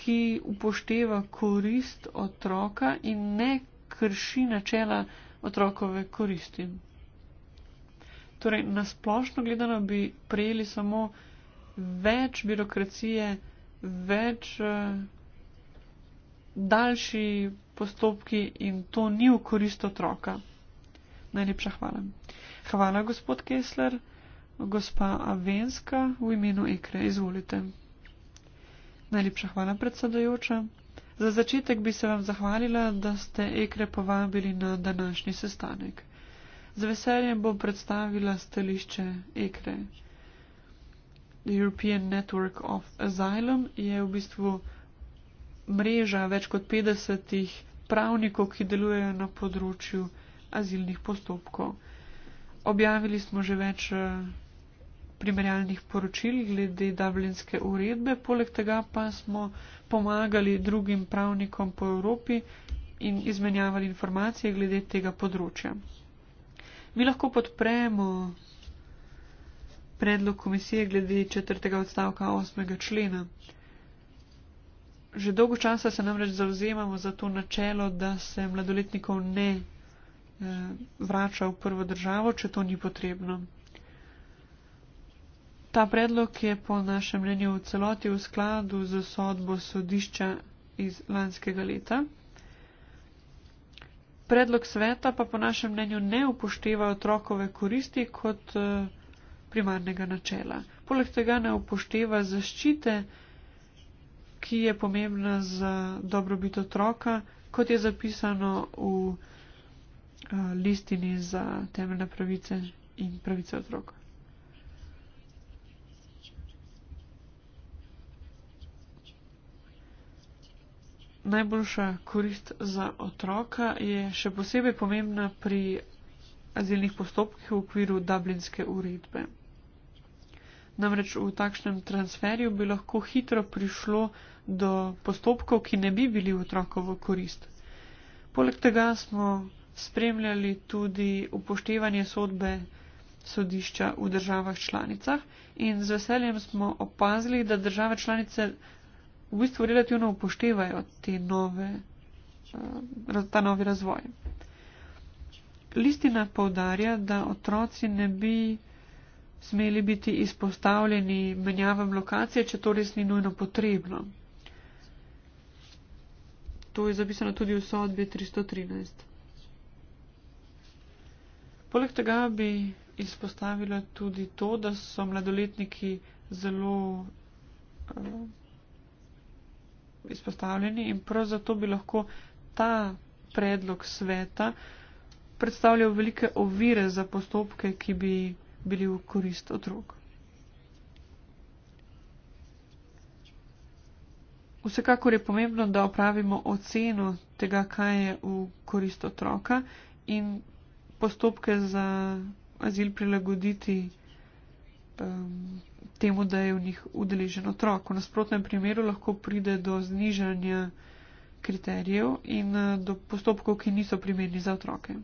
ki upošteva korist otroka in ne krši načela otrokove koristi. Torej, nasplošno gledano bi prejeli samo več birokracije, več uh, daljši postopki in to ni v korist otroka. Najlepša hvala. Hvala, gospod Kessler. Gospa Avenska v imenu Ekre, izvolite. Najlepša hvala, predsedajoča. Za začetek bi se vam zahvalila, da ste Ekre povabili na današnji sestanek. Z veseljem bom predstavila stališče EKRE. The European Network of Asylum je v bistvu mreža več kot 50 pravnikov, ki delujejo na področju azilnih postopkov. Objavili smo že več eh, primerjalnih poročil glede Dublinske uredbe, poleg tega pa smo pomagali drugim pravnikom po Evropi in izmenjavali informacije glede tega področja. Mi lahko podpremo predlog komisije glede četrtega odstavka osmega člena. Že dolgo časa se namreč zauzemamo za to načelo, da se mladoletnikov ne eh, vrača v prvo državo, če to ni potrebno. Ta predlog je po našem mnenju v celoti v skladu z sodbo sodišča iz lanskega leta predlog sveta pa po našem mnenju ne upošteva otrokove koristi kot eh, primarnega načela. Poleg tega ne upošteva zaščite, ki je pomembna za dobrobit otroka, kot je zapisano v eh, listini za temeljne pravice in pravice otroka. najboljša korist za otroka je še posebej pomembna pri azilnih postopkih v okviru dublinske uredbe. Namreč v takšnem transferju bi lahko hitro prišlo do postopkov, ki ne bi bili otrokovo korist. Poleg tega smo spremljali tudi upoštevanje sodbe sodišča v državah članicah in z veseljem smo opazili, da države članice v bistvu relativno upoštevajo te nove, eh, ta novi razvoj. Listina povdarja, da otroci ne bi smeli biti izpostavljeni menjavam lokacije, če to res ni nujno potrebno. To je zapisano tudi v sodbi 313. Poleg tega bi izpostavila tudi to, da so mladoletniki zelo eh, izpostavljeni in prav zato bi lahko ta predlog sveta predstavljal velike ovire za postopke, ki bi bili v korist otrok. Vsekakor je pomembno, da opravimo oceno tega, kaj je v korist otroka in postopke za azil prilagoditi. Um, temu, da je v njih udeležen otrok. V nasprotnem primeru lahko pride do znižanja kriterijev in eh, do postopkov, ki niso primerni za otroke.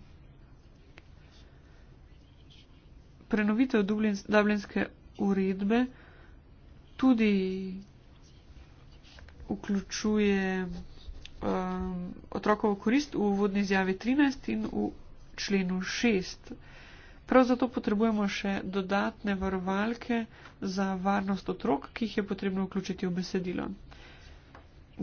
Prenovitev Dublins, Dublinske uredbe tudi vključuje um, eh, otrokovo korist v vodni izjavi 13 in v členu 6. Prav zato potrebujemo še dodatne varovalke za varnost otrok, ki jih je potrebno vključiti v besedilo.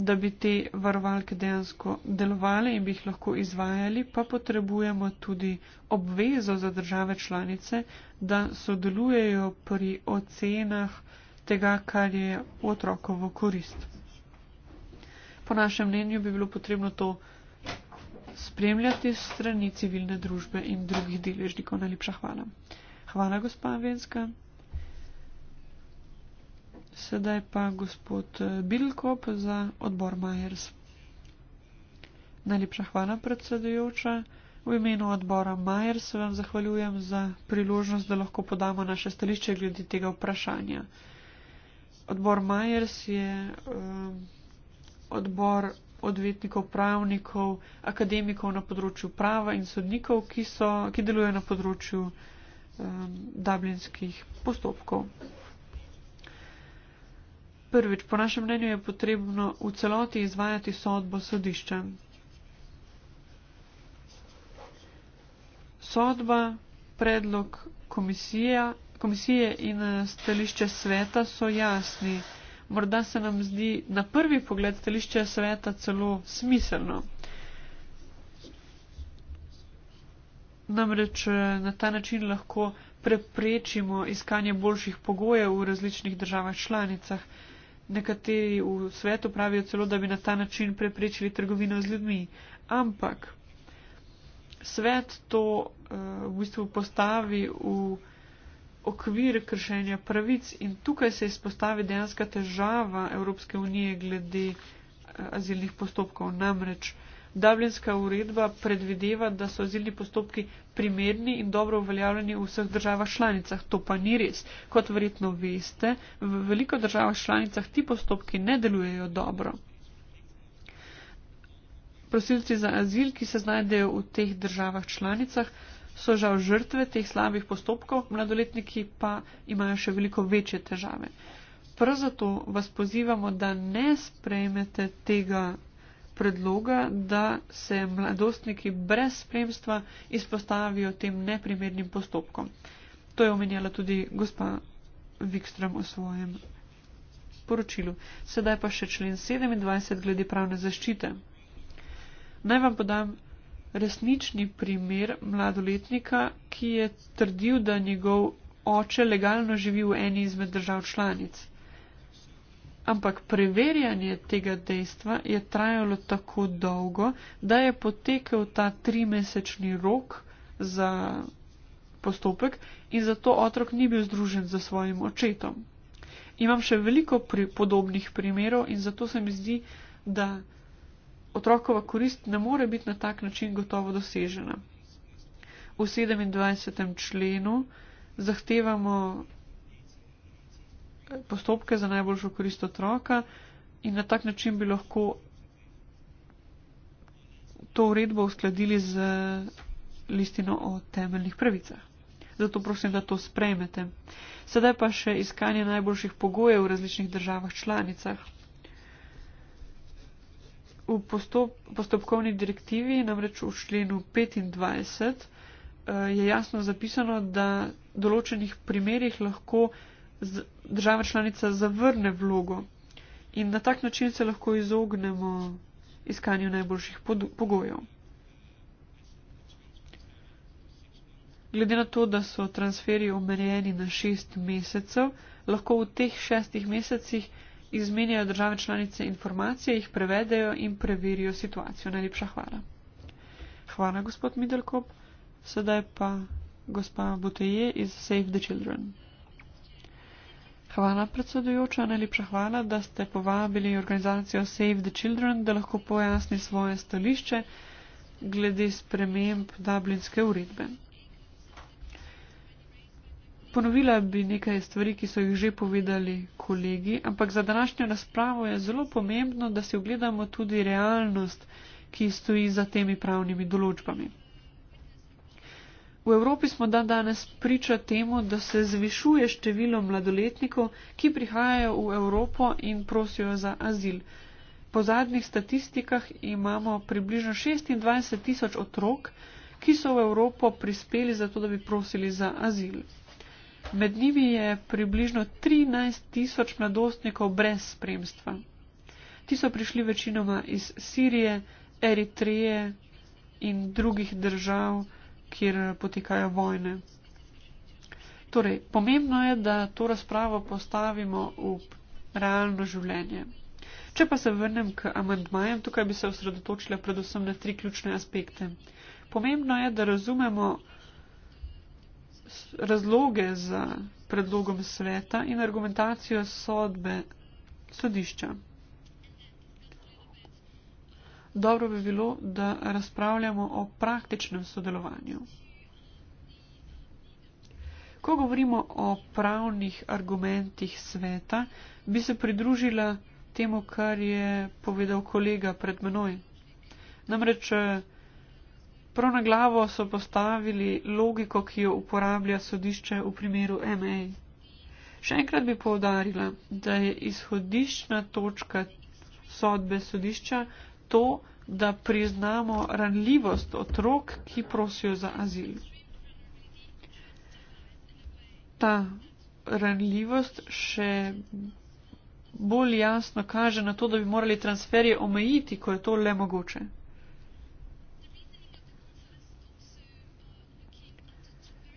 Da bi te varovalke dejansko delovale in bi jih lahko izvajali, pa potrebujemo tudi obvezo za države članice, da sodelujejo pri ocenah tega, kar je v otrokovo korist. Po našem mnenju bi bilo potrebno to spremljati strani civilne družbe in drugih deležnikov. Najlepša hvala. Hvala, gospa Venska. Sedaj pa gospod eh, Bilkop za odbor Majers. Najlepša hvala, predsedujoča. V imenu odbora Majer se vam zahvaljujem za priložnost, da lahko podamo naše stališče glede tega vprašanja. Odbor Majers je um, odbor odvetnikov, pravnikov, akademikov na področju prava in sodnikov, ki, so, ki delujejo na področju um, dublinskih postopkov. Prvič, po našem mnenju je potrebno v celoti izvajati sodbo sodišča. Sodba, predlog komisija, komisije in eh, stališče sveta so jasni morda se nam zdi na prvi pogled stališče sveta celo smiselno. Namreč eh, na ta način lahko preprečimo iskanje boljših pogojev v različnih državah članicah. Nekateri v svetu pravijo celo, da bi na ta način preprečili trgovino z ljudmi. Ampak svet to uh, v bistvu postavi v okvir kršenja pravic in tukaj se izpostavi dejanska težava Evropske unije glede eh, azilnih postopkov. Namreč Dublinska uredba predvideva, da so azilni postopki primerni in dobro uveljavljeni v vseh državah članicah. To pa ni res. Kot verjetno veste, v veliko državah članicah ti postopki ne delujejo dobro. Prosilci za azil, ki se znajdejo v teh državah članicah, so žal žrtve teh slabih postopkov, mladoletniki pa imajo še veliko večje težave. Prav zato vas pozivamo, da ne sprejmete tega predloga, da se mladostniki brez spremstva izpostavijo tem neprimernim postopkom. To je omenjala tudi gospa Vikstrom o svojem poročilu. Sedaj pa še člen 27 glede pravne zaščite. Naj vam podam resnični primer mladoletnika, ki je trdil, da njegov oče legalno živi v eni izmed držav članic. Ampak preverjanje tega dejstva je trajalo tako dolgo, da je potekel ta trimesečni rok za postopek in zato otrok ni bil združen za svojim očetom. Imam še veliko pri podobnih primerov in zato se mi zdi, da otrokova korist ne more biti na tak način gotovo dosežena. V 27. členu zahtevamo postopke za najboljšo korist otroka in na tak način bi lahko to uredbo uskladili z listino o temeljnih pravicah. Zato prosim, da to sprejmete. Sedaj pa še iskanje najboljših pogojev v različnih državah članicah v postop, postopkovni direktivi, namreč v členu 25, eh, je jasno zapisano, da v določenih primerjih lahko država članica zavrne vlogo in na tak način se lahko izognemo iskanju najboljših pogojev. Glede na to, da so transferi omejeni na šest mesecev, lahko v teh šestih mesecih izmenjajo države članice informacije, jih prevedejo in preverijo situacijo. Najlepša hvala. Hvala, gospod Middelkop. Sedaj pa gospa Boteje iz Save the Children. Hvala, predsedujoča, najlepša hvala, da ste povabili organizacijo Save the Children, da lahko pojasni svoje stališče glede sprememb Dublinske uredbe ponovila bi nekaj stvari, ki so jih že povedali kolegi, ampak za današnjo razpravo je zelo pomembno, da si ogledamo tudi realnost, ki stoji za temi pravnimi določbami. V Evropi smo dan danes priča temu, da se zvišuje število mladoletnikov, ki prihajajo v Evropo in prosijo za azil. Po zadnjih statistikah imamo približno 26 tisoč otrok, ki so v Evropo prispeli zato, da bi prosili za azil. Med njimi je približno 13 tisoč mladostnikov brez spremstva. Ti so prišli večinoma iz Sirije, Eritreje in drugih držav, kjer potekajo vojne. Torej, pomembno je, da to razpravo postavimo v realno življenje. Če pa se vrnem k amandmajem, tukaj bi se osredotočila predvsem na tri ključne aspekte. Pomembno je, da razumemo, razloge za predlogom sveta in argumentacijo sodbe sodišča. Dobro bi bilo, da razpravljamo o praktičnem sodelovanju. Ko govorimo o pravnih argumentih sveta, bi se pridružila temu, kar je povedal kolega pred menoj. Namreč, Prav na glavo so postavili logiko, ki jo uporablja sodišče v primeru MA. Še enkrat bi povdarila, da je izhodiščna točka sodbe sodišča to, da priznamo ranljivost otrok, ki prosijo za azil. Ta ranljivost še bolj jasno kaže na to, da bi morali transferje omejiti, ko je to le mogoče.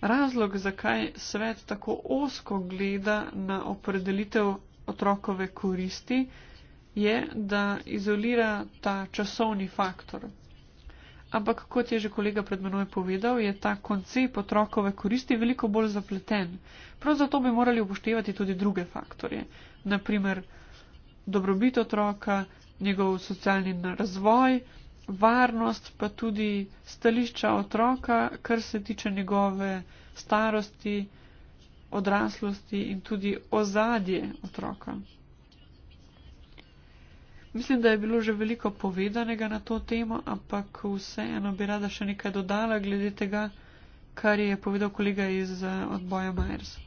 razlog, zakaj svet tako osko gleda na opredelitev otrokove koristi, je, da izolira ta časovni faktor. Ampak, kot je že kolega pred menoj povedal, je ta koncept otrokove koristi veliko bolj zapleten. Prav zato bi morali upoštevati tudi druge faktorje, naprimer dobrobit otroka, njegov socialni razvoj, varnost, pa tudi stališča otroka, kar se tiče njegove starosti, odraslosti in tudi ozadje otroka. Mislim, da je bilo že veliko povedanega na to temo, ampak vseeno bi rada še nekaj dodala glede tega, kar je povedal kolega iz eh, odboja Majersa.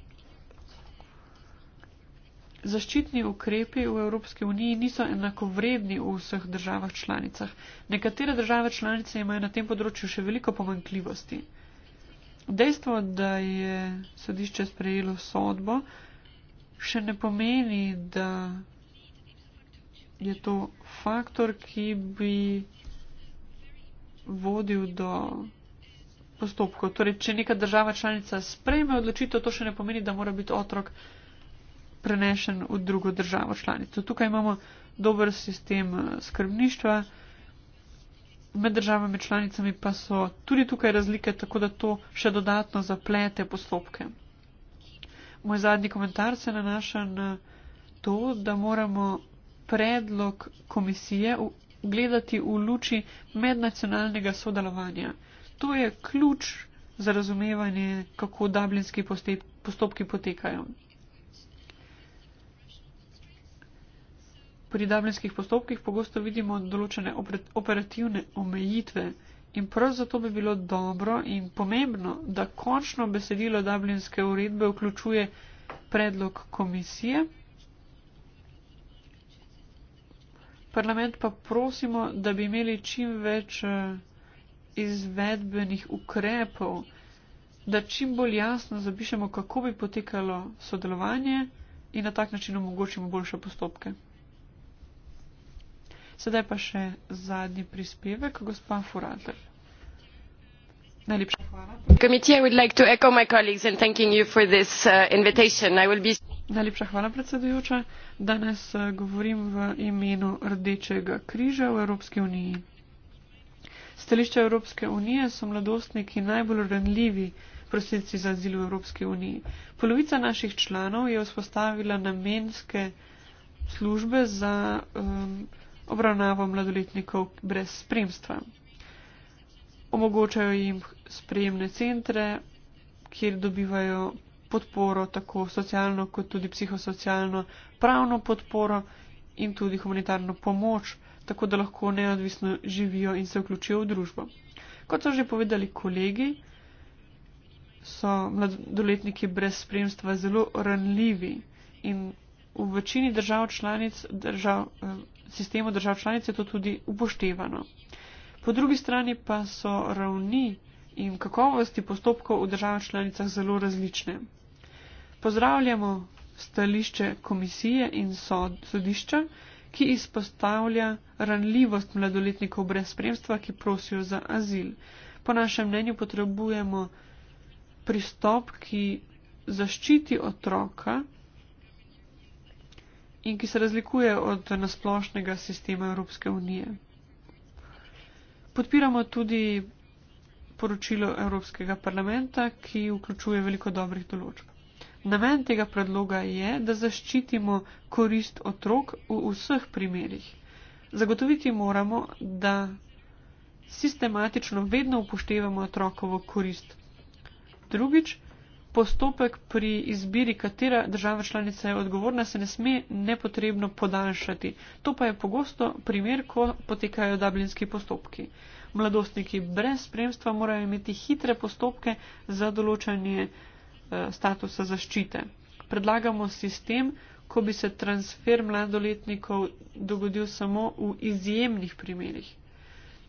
Zaščitni ukrepi v Evropski uniji niso enakovredni v vseh državah članicah. Nekatere države članice imajo na tem področju še veliko pomankljivosti. Dejstvo, da je sodišče sprejelo sodbo, še ne pomeni, da je to faktor, ki bi vodil do postopkov. Torej, če neka država članica sprejme odločitev, to še ne pomeni, da mora biti otrok prenešen v drugo državo članico. Tukaj imamo dober sistem eh, skrbništva, med državami članicami pa so tudi tukaj razlike, tako da to še dodatno zaplete postopke. Moj zadnji komentar se nanaša na to, da moramo predlog komisije gledati v luči mednacionalnega sodelovanja. To je ključ za razumevanje, kako dublinski postopki potekajo. pri davljenskih postopkih pogosto vidimo določene operativne omejitve in prav zato bi bilo dobro in pomembno, da končno besedilo davljenske uredbe vključuje predlog komisije. Parlament pa prosimo, da bi imeli čim več eh, izvedbenih ukrepov, da čim bolj jasno zapišemo, kako bi potekalo sodelovanje in na tak način omogočimo boljše postopke. Sedaj pa še zadnji prispevek, gospa Furater. Najlepša hvala. Committee, I would like to echo my colleagues in thanking you for this uh, invitation. I will be... Najlepša hvala, predsedujoča. Danes uh, govorim v imenu Rdečega križa v Evropski uniji. Stališče Evropske unije so mladostniki najbolj ranljivi prosilci za azil v Evropski uniji. Polovica naših članov je vzpostavila namenske službe za um, obravnava mladoletnikov brez spremstva. Omogočajo jim sprejemne centre, kjer dobivajo podporo, tako socialno kot tudi psihosocialno, pravno podporo in tudi humanitarno pomoč, tako da lahko neodvisno živijo in se vključijo v družbo. Kot so že povedali kolegi, so mladoletniki brez spremstva zelo ranljivi in v večini držav članic držav. Eh, sistemu držav članic je to tudi upoštevano. Po drugi strani pa so ravni in kakovosti postopkov v državah članicah zelo različne. Pozdravljamo stališče komisije in sod, sodišča, ki izpostavlja ranljivost mladoletnikov brez spremstva, ki prosijo za azil. Po našem mnenju potrebujemo pristop, ki zaščiti otroka in ki se razlikuje od nasplošnega sistema Evropske unije. Podpiramo tudi poročilo Evropskega parlamenta, ki vključuje veliko dobrih določb. Namen tega predloga je, da zaščitimo korist otrok v vseh primerjih. Zagotoviti moramo, da sistematično vedno upoštevamo otrokovo korist. Drugič, postopek pri izbiri, katera država članica je odgovorna, se ne sme nepotrebno podaljšati. To pa je pogosto primer, ko potekajo dublinski postopki. Mladostniki brez spremstva morajo imeti hitre postopke za določanje eh, statusa zaščite. Predlagamo sistem, ko bi se transfer mladoletnikov dogodil samo v izjemnih primerih.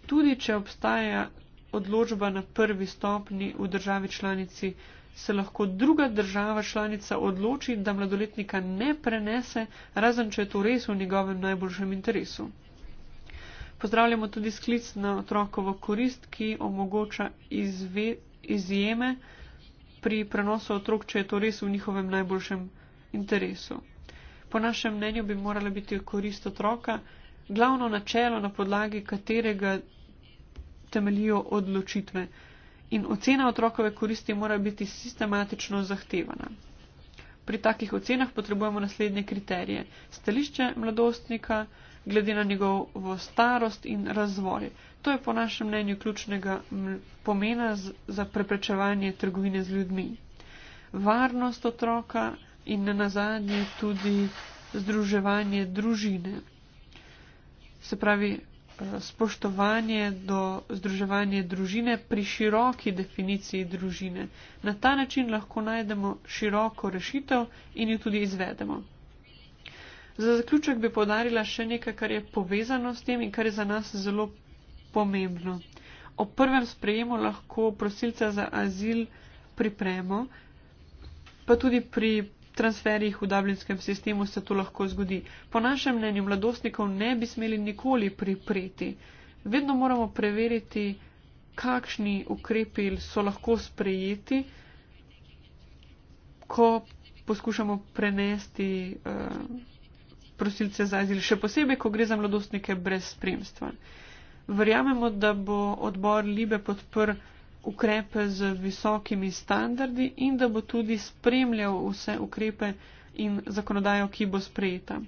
Tudi, če obstaja odločba na prvi stopni v državi članici, se lahko druga država članica odloči, da mladoletnika ne prenese, razen če je to res v njegovem najboljšem interesu. Pozdravljamo tudi sklic na otrokovo korist, ki omogoča izve, izjeme pri prenosu otrok, če je to res v njihovem najboljšem interesu. Po našem mnenju bi morala biti korist otroka glavno načelo, na podlagi katerega temeljijo odločitve in ocena otrokove koristi mora biti sistematično zahtevana. Pri takih ocenah potrebujemo naslednje kriterije: stališče mladostnika, glede na njegovo starost in razvoj. To je po našem mnenju ključnega pomena za preprečevanje trgovine z ljudmi. Varnost otroka in na nazadnje tudi združevanje družine. Se pravi, spoštovanje do združevanja družine pri široki definiciji družine. Na ta način lahko najdemo široko rešitev in jo tudi izvedemo. Za zaključek bi podarila še nekaj, kar je povezano s tem in kar je za nas zelo pomembno. O prvem sprejemu lahko prosilca za azil pripremo, pa tudi pri transferjih v dublinskem sistemu se to lahko zgodi. Po našem mnenju mladostnikov ne bi smeli nikoli pripreti. Vedno moramo preveriti, kakšni ukrepi so lahko sprejeti, ko poskušamo prenesti eh, prosilce za azil, še posebej, ko gre za mladostnike brez spremstva. Verjamemo, da bo odbor Libe podprl ukrepe z visokimi standardi in da bo tudi spremljal vse ukrepe in zakonodajo, ki bo sprejeta.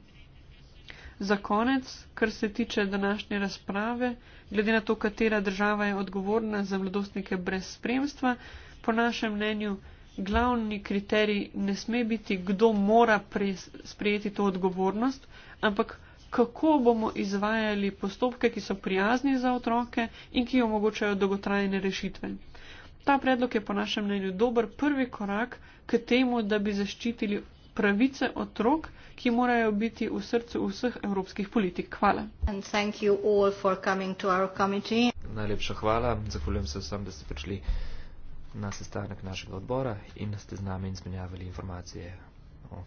Za konec, kar se tiče današnje razprave, glede na to, katera država je odgovorna za mladostnike brez spremstva, po našem mnenju glavni kriterij ne sme biti, kdo mora sprejeti to odgovornost, ampak kako bomo izvajali postopke, ki so prijazni za otroke in ki omogočajo dolgotrajne rešitve. Ta predlog je po našem mnenju dober prvi korak k temu, da bi zaščitili pravice otrok, ki morajo biti v srcu vseh evropskih politik. Hvala. Najlepša hvala. Zahvaljujem se vsem, da ste prišli na sestanek našega odbora in da ste z nami izmenjavali informacije o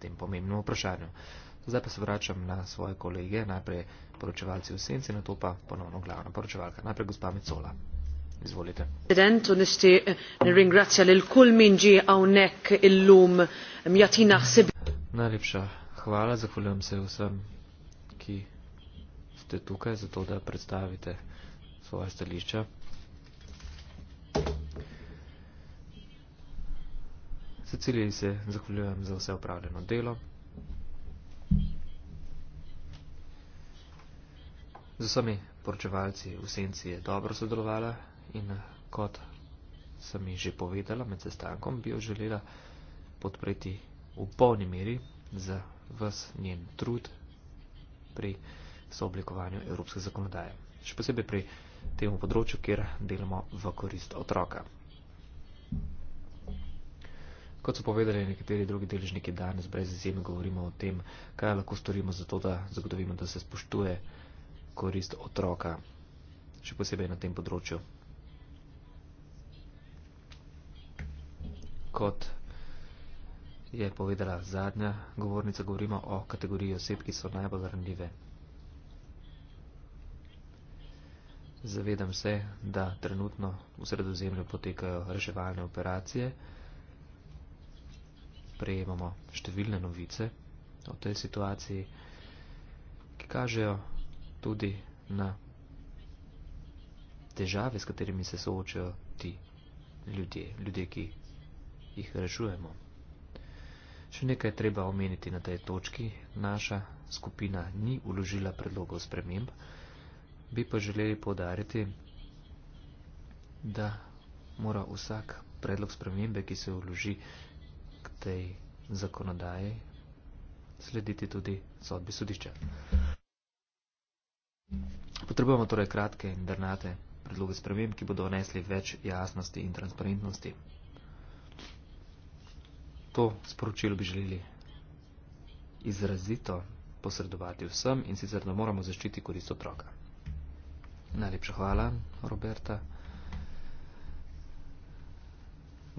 tem pomembnem vprašanju. Zdaj pa se vračam na svoje kolege, najprej poročevalci v senci, na to pa ponovno glavna poročevalka. Najprej gospa Micola. Izvolite. President, onesti, ne ringracija, lel kulminji, avnek, illum, mjatina sebi. Najlepša hvala, zahvaljujem se vsem, ki ste tukaj, zato da predstavite svoje stališča. Sicilij se zahvaljujem za vse upravljeno delo. Z vsemi poročevalci v senci je dobro sodelovala in kot sem ji že povedala med sestankom, bi jo želela podpreti v polni meri za vas njen trud pri sooblikovanju evropske zakonodaje. Še posebej pri temu področju, kjer delamo v korist otroka. Kot so povedali nekateri drugi deležniki danes, brez izjeme govorimo o tem, kaj lahko storimo za to, da zagotovimo, da se spoštuje korist otroka, še posebej na tem področju. Kot je povedala zadnja govornica, govorimo o kategoriji oseb, ki so najbolj ranljive. Zavedam se, da trenutno v sredozemlju potekajo reševalne operacije. Prejemamo številne novice o tej situaciji, ki kažejo, tudi na težave, s katerimi se soočajo ti ljudje, ljudje, ki jih rešujemo. Še nekaj treba omeniti na tej točki. Naša skupina ni uložila predlogov sprememb, bi pa želeli podariti, da mora vsak predlog spremembe, ki se uloži k tej zakonodaji, slediti tudi sodbi sodišča. Mhm. Potrebujemo torej kratke in drnate predloge sprememb, ki bodo vnesli več jasnosti in transparentnosti. To sporočilo bi želeli izrazito posredovati vsem in sicer, da moramo zaščiti korist otroka. Najlepša hvala, Roberta.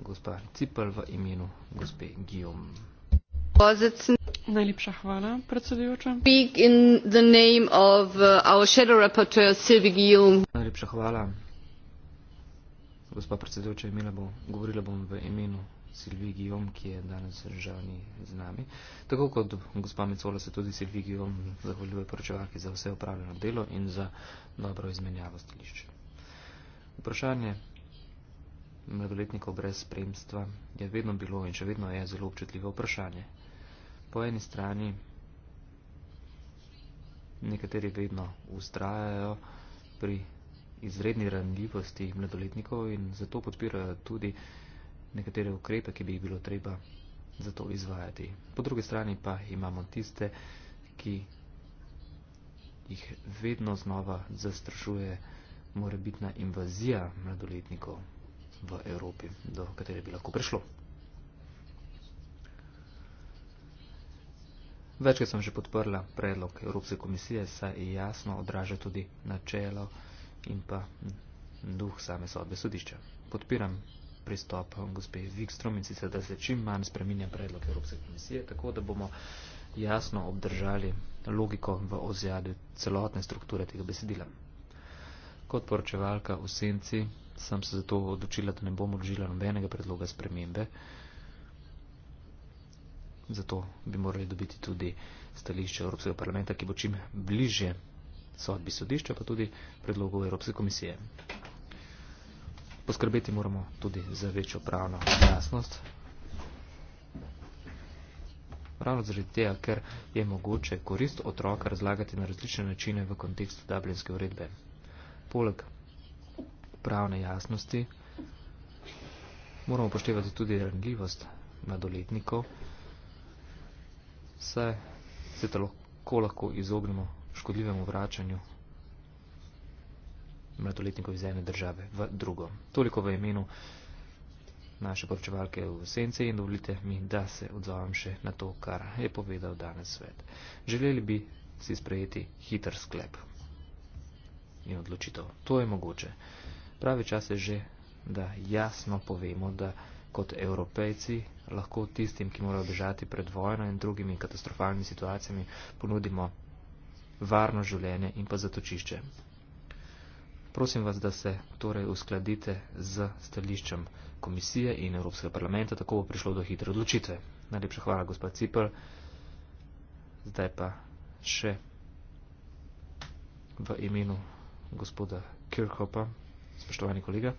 Gospa Cipel v imenu gospe Gijom. Pozicin. Najlepša hvala, predsedujoča. Uh, Najlepša hvala, gospa predsedujoča. Bo, govorila bom v imenu Silvi Gijom, ki je danes žal ni z nami. Tako kot gospa Micola se tudi Silvi Gijom zahvaljuje poročevalki za vse opravljeno delo in za dobro izmenjavo stališče. Vprašanje mladoletnikov brez spremstva je vedno bilo in še vedno je zelo občutljivo vprašanje po eni strani nekateri vedno ustrajajo pri izredni ranljivosti mladoletnikov in zato podpirajo tudi nekatere ukrepe, ki bi jih bilo treba za to izvajati. Po drugi strani pa imamo tiste, ki jih vedno znova zastrašuje morebitna invazija mladoletnikov v Evropi, do katere bi lahko prišlo. Večkrat sem že podprla predlog Evropske komisije, saj jasno odraža tudi načelo in pa duh same sodbe sodišča. Podpiram pristop gospe Vikstrom in sicer, da se čim manj spreminja predlog Evropske komisije, tako da bomo jasno obdržali logiko v ozjadju celotne strukture tega besedila. Kot poročevalka v senci sem se zato odločila, da ne bom odložila nobenega predloga spremembe zato bi morali dobiti tudi stališče Evropskega parlamenta, ki bo čim bliže sodbi sodišča, pa tudi predlogu Evropske komisije. Poskrbeti moramo tudi za večjo pravno jasnost. Ravno zaradi tega, ker je mogoče korist otroka razlagati na različne načine v kontekstu Dublinske uredbe. Poleg pravne jasnosti moramo poštevati tudi ranljivost mladoletnikov vse se lahko, lahko izognemo škodljivemu vračanju mladoletnikov iz ene države v drugo. Toliko v imenu naše poročevalke v Sence in dovolite mi, da se odzovem še na to, kar je povedal danes svet. Želeli bi si sprejeti hiter sklep in odločitev. To je mogoče. Pravi čas je že, da jasno povemo, da kot evropejci lahko tistim, ki morajo bežati pred vojno in drugimi katastrofalnimi situacijami, ponudimo varno življenje in pa zatočišče. Prosim vas, da se torej uskladite z stališčem komisije in Evropskega parlamenta, tako bo prišlo do hitre odločitve. Najlepša hvala, gospod Cipel. Zdaj pa še v imenu gospoda Kirchhopa, spoštovani kolega.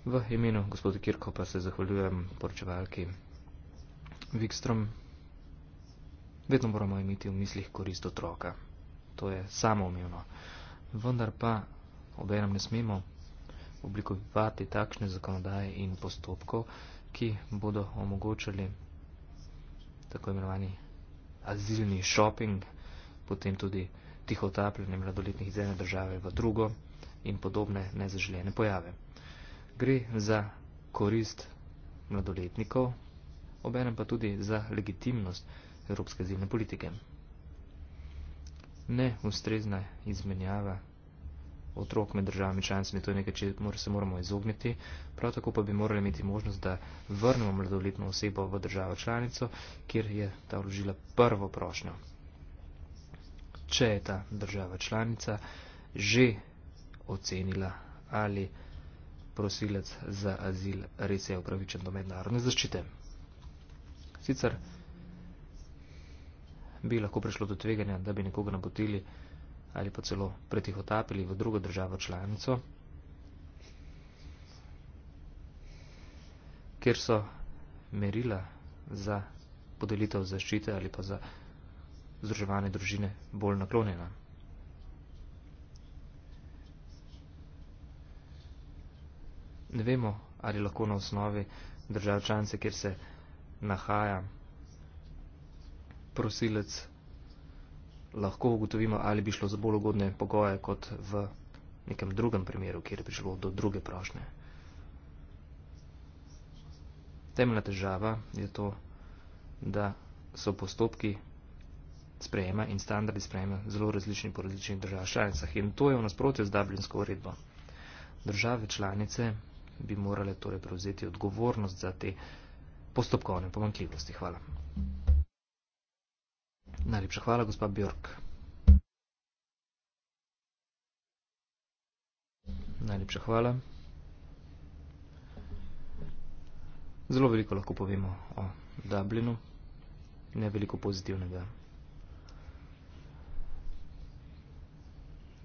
V imenu gospoda Kirko pa se zahvaljujem poročevalki Vikstrom. Vedno moramo imeti v mislih korist otroka. To je samoumevno. Vendar pa obenem ne smemo oblikovati takšne zakonodaje in postopkov, ki bodo omogočali tako imenovani azilni shopping, potem tudi tiho otapljanje mladoletnih iz ene države v drugo in podobne nezaželjene pojave gre za korist mladoletnikov, obenem pa tudi za legitimnost evropske zilne politike. Ne ustrezna izmenjava otrok med državami članicami, to je nekaj, če se moramo izogniti, prav tako pa bi morali imeti možnost, da vrnemo mladoletno osebo v državo članico, kjer je ta vložila prvo prošnjo. Če je ta država članica že ocenila ali vrnila, prosilec za azil res je upravičen do mednarodne zaščite. Sicer bi lahko prišlo do tveganja, da bi nekoga napotili ali pa celo pretihotapili v drugo državo članico, kjer so merila za podelitev zaščite ali pa za združevanje družine bolj naklonjena. ne vemo, ali lahko na osnovi držav članice, kjer se nahaja prosilec, lahko ugotovimo, ali bi šlo za bolj ugodne pogoje kot v nekem drugem primeru, kjer je prišlo do druge prošnje. Temeljna težava je to, da so postopki sprejema in standardi sprejema zelo različni po različnih državah članicah. In to je v nasprotju z Dublinsko uredbo. Države članice bi morale torej prevzeti odgovornost za te postopkovne pomankljivosti. Hvala. Najlepša hvala, gospa Bjork. Najlepša hvala. Zelo veliko lahko povemo o Dublinu, ne veliko pozitivnega.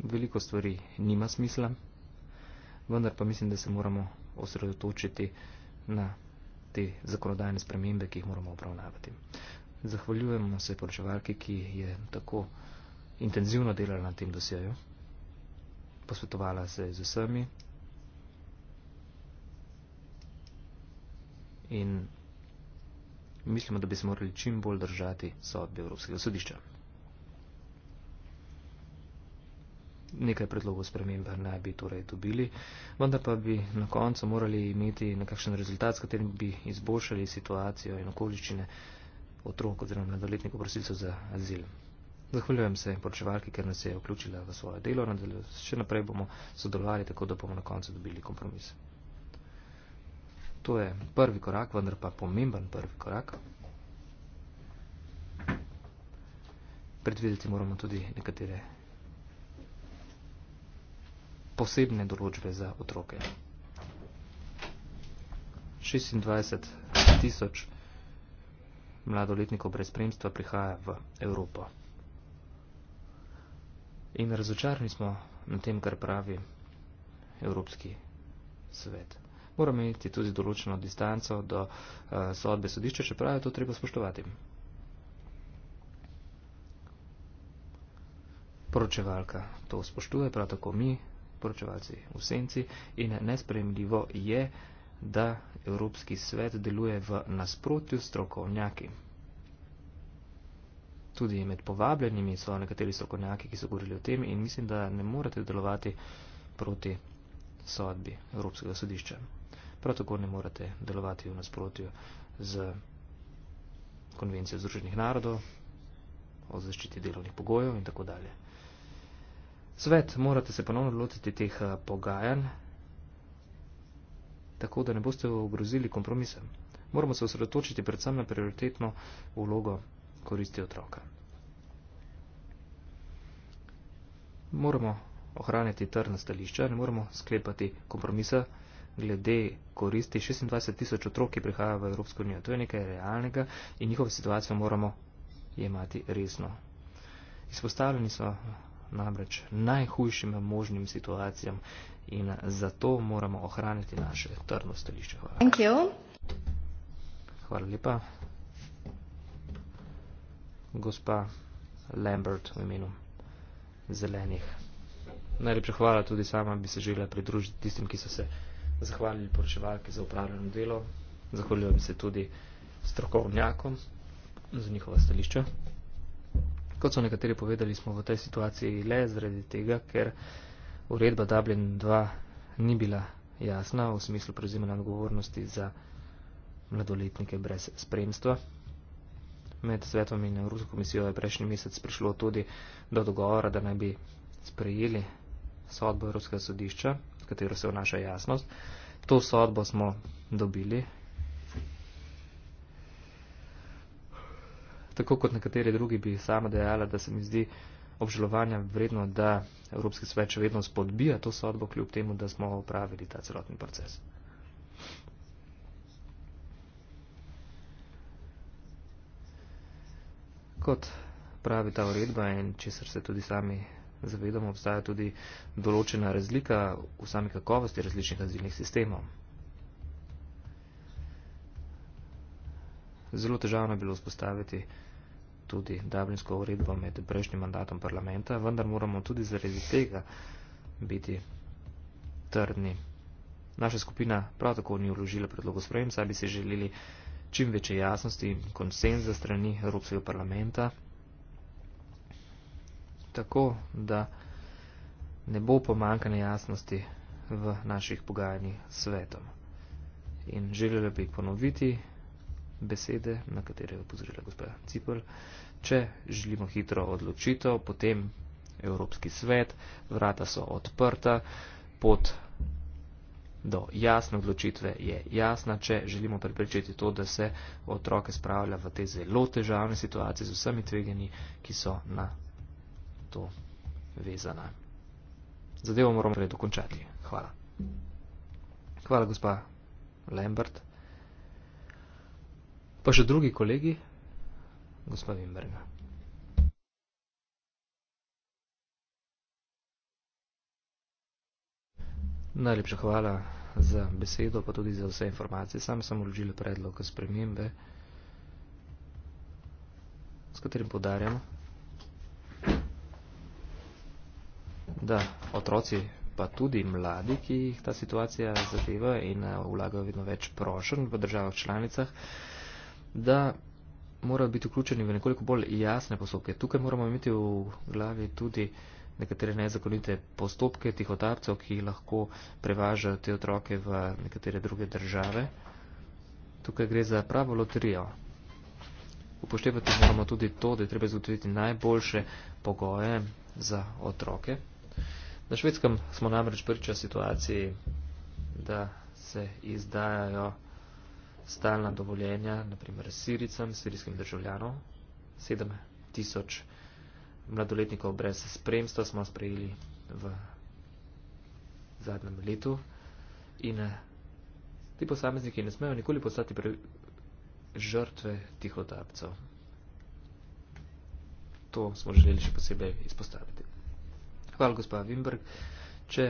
Veliko stvari nima smisla, vendar pa mislim, da se moramo osredotočiti na te zakonodajne spremembe, ki jih moramo obravnavati. Zahvaljujem se poročevalki, ki je tako intenzivno delala na tem dosjeju, posvetovala se z vsemi in mislimo, da bi se morali čim bolj držati sodbe Evropskega sodišča. nekaj predlogov sprememb ne bi torej dobili, vendar pa bi na koncu morali imeti nekakšen rezultat, s katerim bi izboljšali situacijo in okoliščine otrok oziroma mladoletnikov prosilcev za azil. Zahvaljujem se poročevalki, ker nas je vključila v svoje delo, še naprej bomo sodelovali, tako da bomo na koncu dobili kompromis. To je prvi korak, vendar pa pomemben prvi korak. Predvideti moramo tudi nekatere posebne določbe za otroke. 26 tisoč mladoletnikov brez spremstva prihaja v Evropo. In razočarni smo na tem, kar pravi Evropski svet. Moramo imeti tudi določeno distanco do uh, sodbe sodišča, če pravi, to treba spoštovati. Poročevalka to spoštuje, prav tako mi, poročevalci v senci in nespremljivo je, da Evropski svet deluje v nasprotju strokovnjaki. Tudi med povabljenimi so nekateri strokovnjaki, ki so govorili o tem in mislim, da ne morete delovati proti sodbi Evropskega sodišča. Prav tako ne morete delovati v nasprotju z konvencijo Združenih narodov o zaščiti delovnih pogojev in tako dalje. Svet, morate se ponovno lotiti teh eh, pogajanj, tako da ne boste ogrozili kompromise. Moramo se osredotočiti predvsem na prioritetno vlogo koristi otroka. Moramo ohraniti trdna stališča, ne moramo sklepati kompromisa glede koristi 26 tisoč otrok, ki prihajajo v Evropsko unijo. To je nekaj realnega in njihovo situacijo moramo jemati resno. Izpostavljeni so namreč najhujšim možnim situacijam in zato moramo ohraniti naše trdno stališče. Hvala. Thank you. Hvala lepa. Gospa Lambert v imenu zelenih. Najlepša hvala tudi sama bi se želela pridružiti tistim, ki so se zahvalili poročevalke za upravljeno delo. Zahvaljujem se tudi strokovnjakom za njihova stališča. Kot so nekateri povedali, smo v tej situaciji le zaradi tega, ker uredba Dublin 2 ni bila jasna v smislu prevzemanja odgovornosti za mladoletnike brez spremstva. Med svetom in Evropsko komisijo je prejšnji mesec prišlo tudi do dogovora, da naj bi sprejeli sodbo Evropskega sodišča, katero se vnaša jasnost. To sodbo smo dobili tako kot nekateri drugi bi sama dejala, da se mi zdi obžalovanja vredno, da Evropski svet še vedno spodbija to sodbo, kljub temu, da smo upravili ta celotni proces. Kot pravi ta uredba in česar se tudi sami zavedamo, obstaja tudi določena razlika v sami kakovosti različnih azilnih sistemov. zelo težavno je bilo vzpostaviti tudi dablinsko uredbo med prejšnjim mandatom parlamenta, vendar moramo tudi zaradi tega biti trdni. Naša skupina prav tako ni uložila predlogo sprejem, saj bi se želeli čim večje jasnosti in konsens za strani Evropskega parlamenta, tako da ne bo pomankane jasnosti v naših pogajanjih s svetom. In želeli bi ponoviti, besede, na katere je upozorila gospod Cipr. Če želimo hitro odločitev, potem Evropski svet, vrata so odprta, pot do jasne odločitve je jasna, če želimo preprečiti to, da se otroke spravlja v te zelo težavne situacije z vsemi tveganji, ki so na to vezana. Zadevo moramo torej dokončati. Hvala. Hvala, gospa Lambert. Pa še drugi kolegi, gospodin Brga. Najlepša hvala za besedo, pa tudi za vse informacije. Sam sem vložil predlog spremembe, s katerim podarjamo, da otroci, pa tudi mladi, ki jih ta situacija zadeva in eh, vlagajo vedno več prošen v državah članicah, da morajo biti vključeni v nekoliko bolj jasne postopke. Tukaj moramo imeti v glavi tudi nekatere nezakonite postopke tihotapcev, ki lahko prevažajo te otroke v nekatere druge države. Tukaj gre za pravo loterijo. Upoštevati moramo tudi to, da je treba zagotoviti najboljše pogoje za otroke. Na švedskem smo namreč priča situaciji, da se izdajajo stalna dovoljenja, naprimer siricam, sirijskim državljanom, 7000 mladoletnikov brez spremstva smo sprejeli v zadnjem letu in eh, ti posamezniki ne smejo nikoli postati pre... žrtve tih odarcev. To smo želeli še posebej izpostaviti. Hvala, gospod Wimberg. Če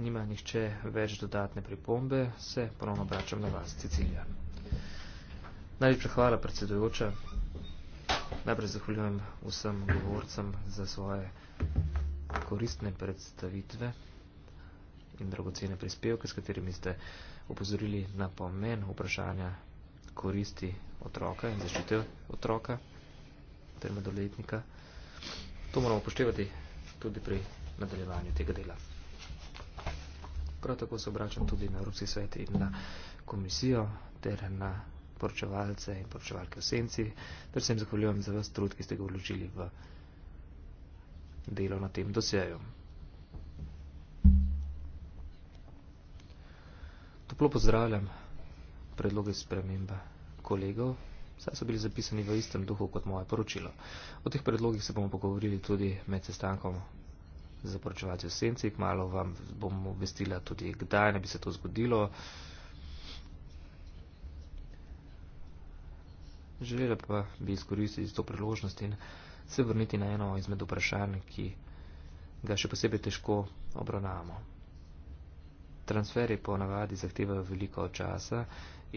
nima nihče več dodatne pripombe, se ponovno obračam na vas, Cecilija. Najlepša hvala, predsedujoča. Najprej zahvaljujem vsem govorcem za svoje koristne predstavitve in dragocene prispevke, s katerimi ste opozorili na pomen vprašanja koristi otroka in zaščite otroka ter medoletnika. To moramo upoštevati tudi pri nadaljevanju tega dela. Prav tako se obračam tudi na Evropski svet in na komisijo ter na poročevalce in poročevalke v senci, ter se jim zahvaljujem za vas trud, ki ste ga vložili v delo na tem dosjeju. Toplo pozdravljam predloge spremembe kolegov, saj so bili zapisani v istem duhu kot moje poročilo. O teh predlogih se bomo pogovorili tudi med sestankom za poročevalce v senci, kmalo vam bom obvestila tudi, kdaj ne bi se to zgodilo. Želela pa bi izkoristiti to priložnost in se vrniti na eno izmed vprašanj, ki ga še posebej težko obravnavamo. Transferi po navadi zahtevajo veliko časa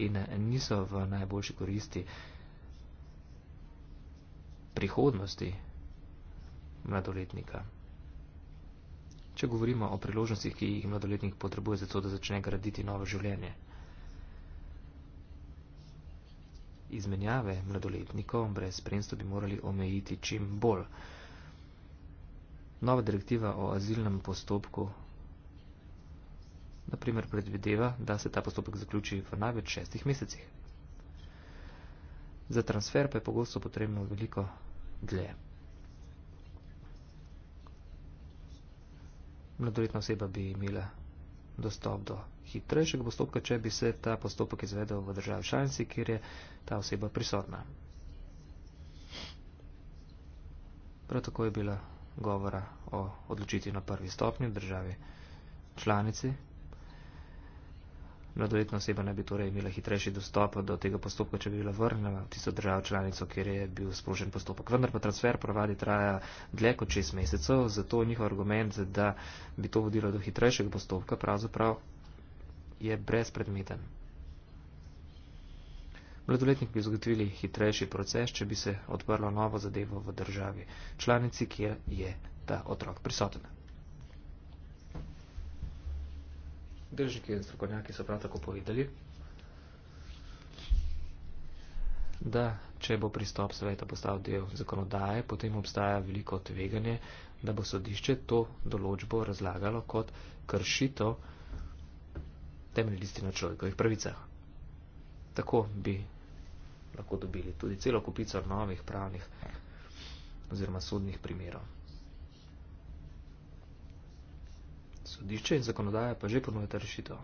in niso v najboljši koristi prihodnosti mladoletnika. Če govorimo o priložnostih, ki jih mladoletnik potrebuje za to, da začne graditi novo življenje. izmenjave mladoletnikov brez spremstva bi morali omejiti čim bolj. Nova direktiva o azilnem postopku naprimer predvideva, da se ta postopek zaključi v največ šestih mesecih. Za transfer pa je pogosto potrebno veliko dlje. Mladoletna oseba bi imela dostop do hitrejšega postopka, če bi se ta postopek izvedel v državi šanci, kjer je ta oseba prisotna. Prav tako je bila govora o odločitvi na prvi stopnji državi članici, mladoletna oseba ne bi torej imela hitrejši dostop do tega postopka, če bi bila vrnjena v tisto državo članico, kjer je bil sprožen postopek. Vendar pa transfer pravadi traja dlje kot šest mesecev, zato njihov argument, da bi to vodilo do hitrejšega postopka, pravzaprav je brezpredmeten. Mladoletnik bi zagotovili hitrejši proces, če bi se odprlo novo zadevo v državi članici, kjer je ta otrok prisoten. Držniki in strokovnjaki so prav tako povedali, da če bo pristop sveta postal del zakonodaje, potem obstaja veliko tveganje, da bo sodišče to določbo razlagalo kot kršito temeljni listi na človekovih pravicah. Tako bi lahko dobili tudi celo kupico novih pravnih oziroma sodnih primerov. sodišče in zakonodaja pa že ponujata rešitev.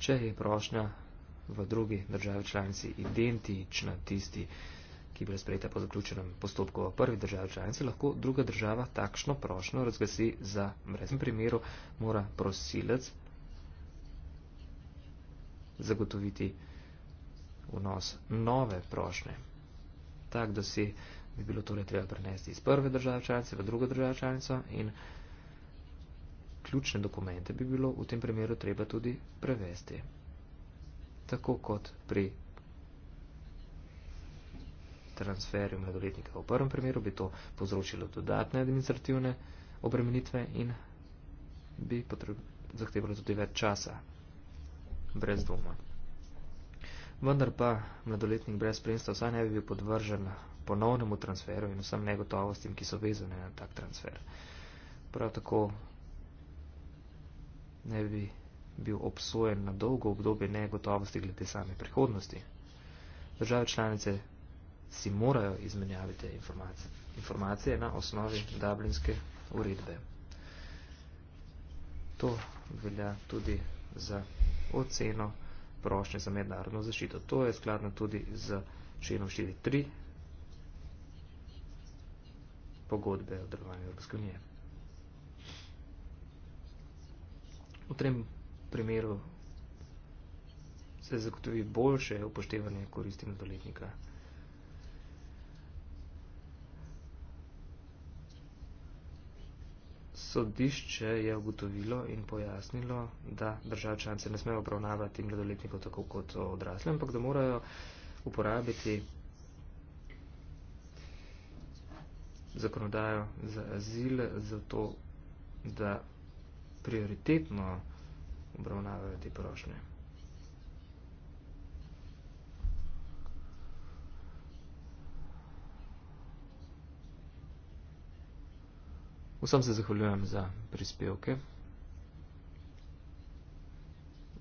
Če je prošnja v drugi državi članici identična tisti, ki je bila sprejeta po zaključenem postopku v prvi državi članici, lahko druga država takšno prošnjo razglasi za brez. V primeru mora prosilec zagotoviti vnos nove prošnje. Tako, da si bi bilo torej treba prenesti iz prve države članice v drugo državo članico in ključne dokumente bi bilo v tem primeru treba tudi prevesti. Tako kot pri transferju mladoletnika v prvem primeru bi to povzročilo dodatne administrativne obremenitve in bi zahtevalo tudi več časa, brez dvoma. Vendar pa mladoletnik brez spremstva vsaj ne bi bil podvržen ponovnemu transferu in vsem negotovostim, ki so vezane na tak transfer. Prav tako ne bi bil obsojen na dolgo obdobje negotovosti glede same prihodnosti. Države članice si morajo izmenjaviti informacije na osnovi dublinske uredbe. To velja tudi za oceno prošnje za mednarodno zaščito. To je skladno tudi z členom 4.3 pogodbe o delovanju Evropske unije. V tem primeru se zagotovi boljše upoštevanje koristi mladoletnika. Sodišče je ugotovilo in pojasnilo, da države članice ne smejo obravnavati mladoletnikov tako kot odrasle, ampak da morajo uporabiti zakonodajo za azil, zato da prioritetno obravnavajo te prošnje. Vsem se zahvaljujem za prispevke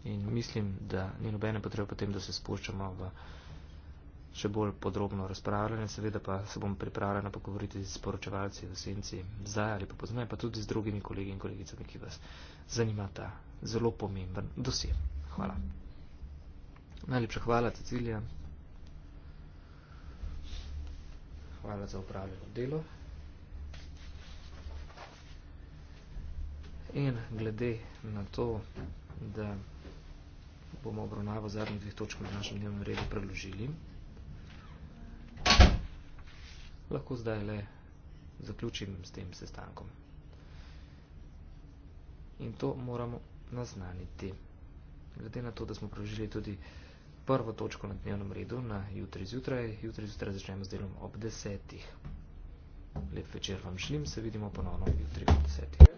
in mislim, da ni nobene potrebe potem, da se spuščamo v prošnje še bolj podrobno razpravljanje, seveda pa se bom pripravljena pogovoriti z poročevalci v senci zdaj ali pa poznaj, pa tudi z drugimi kolegi in kolegicami, ki vas zanima ta zelo pomemben dosje. Hvala. Najlepša hvala, Cecilija. Hvala za upravljeno delo. In glede na to, da bomo obravnavo zadnjih dveh točk v našem dnevnem redu predložili lahko zdaj le zaključim s tem sestankom. In to moramo naznaniti. Glede na to, da smo prožili tudi prvo točko na dnevnem redu na jutri zjutraj, jutri zjutraj začnemo z delom ob desetih. Lep večer vam želim, se vidimo ponovno jutri ob desetih.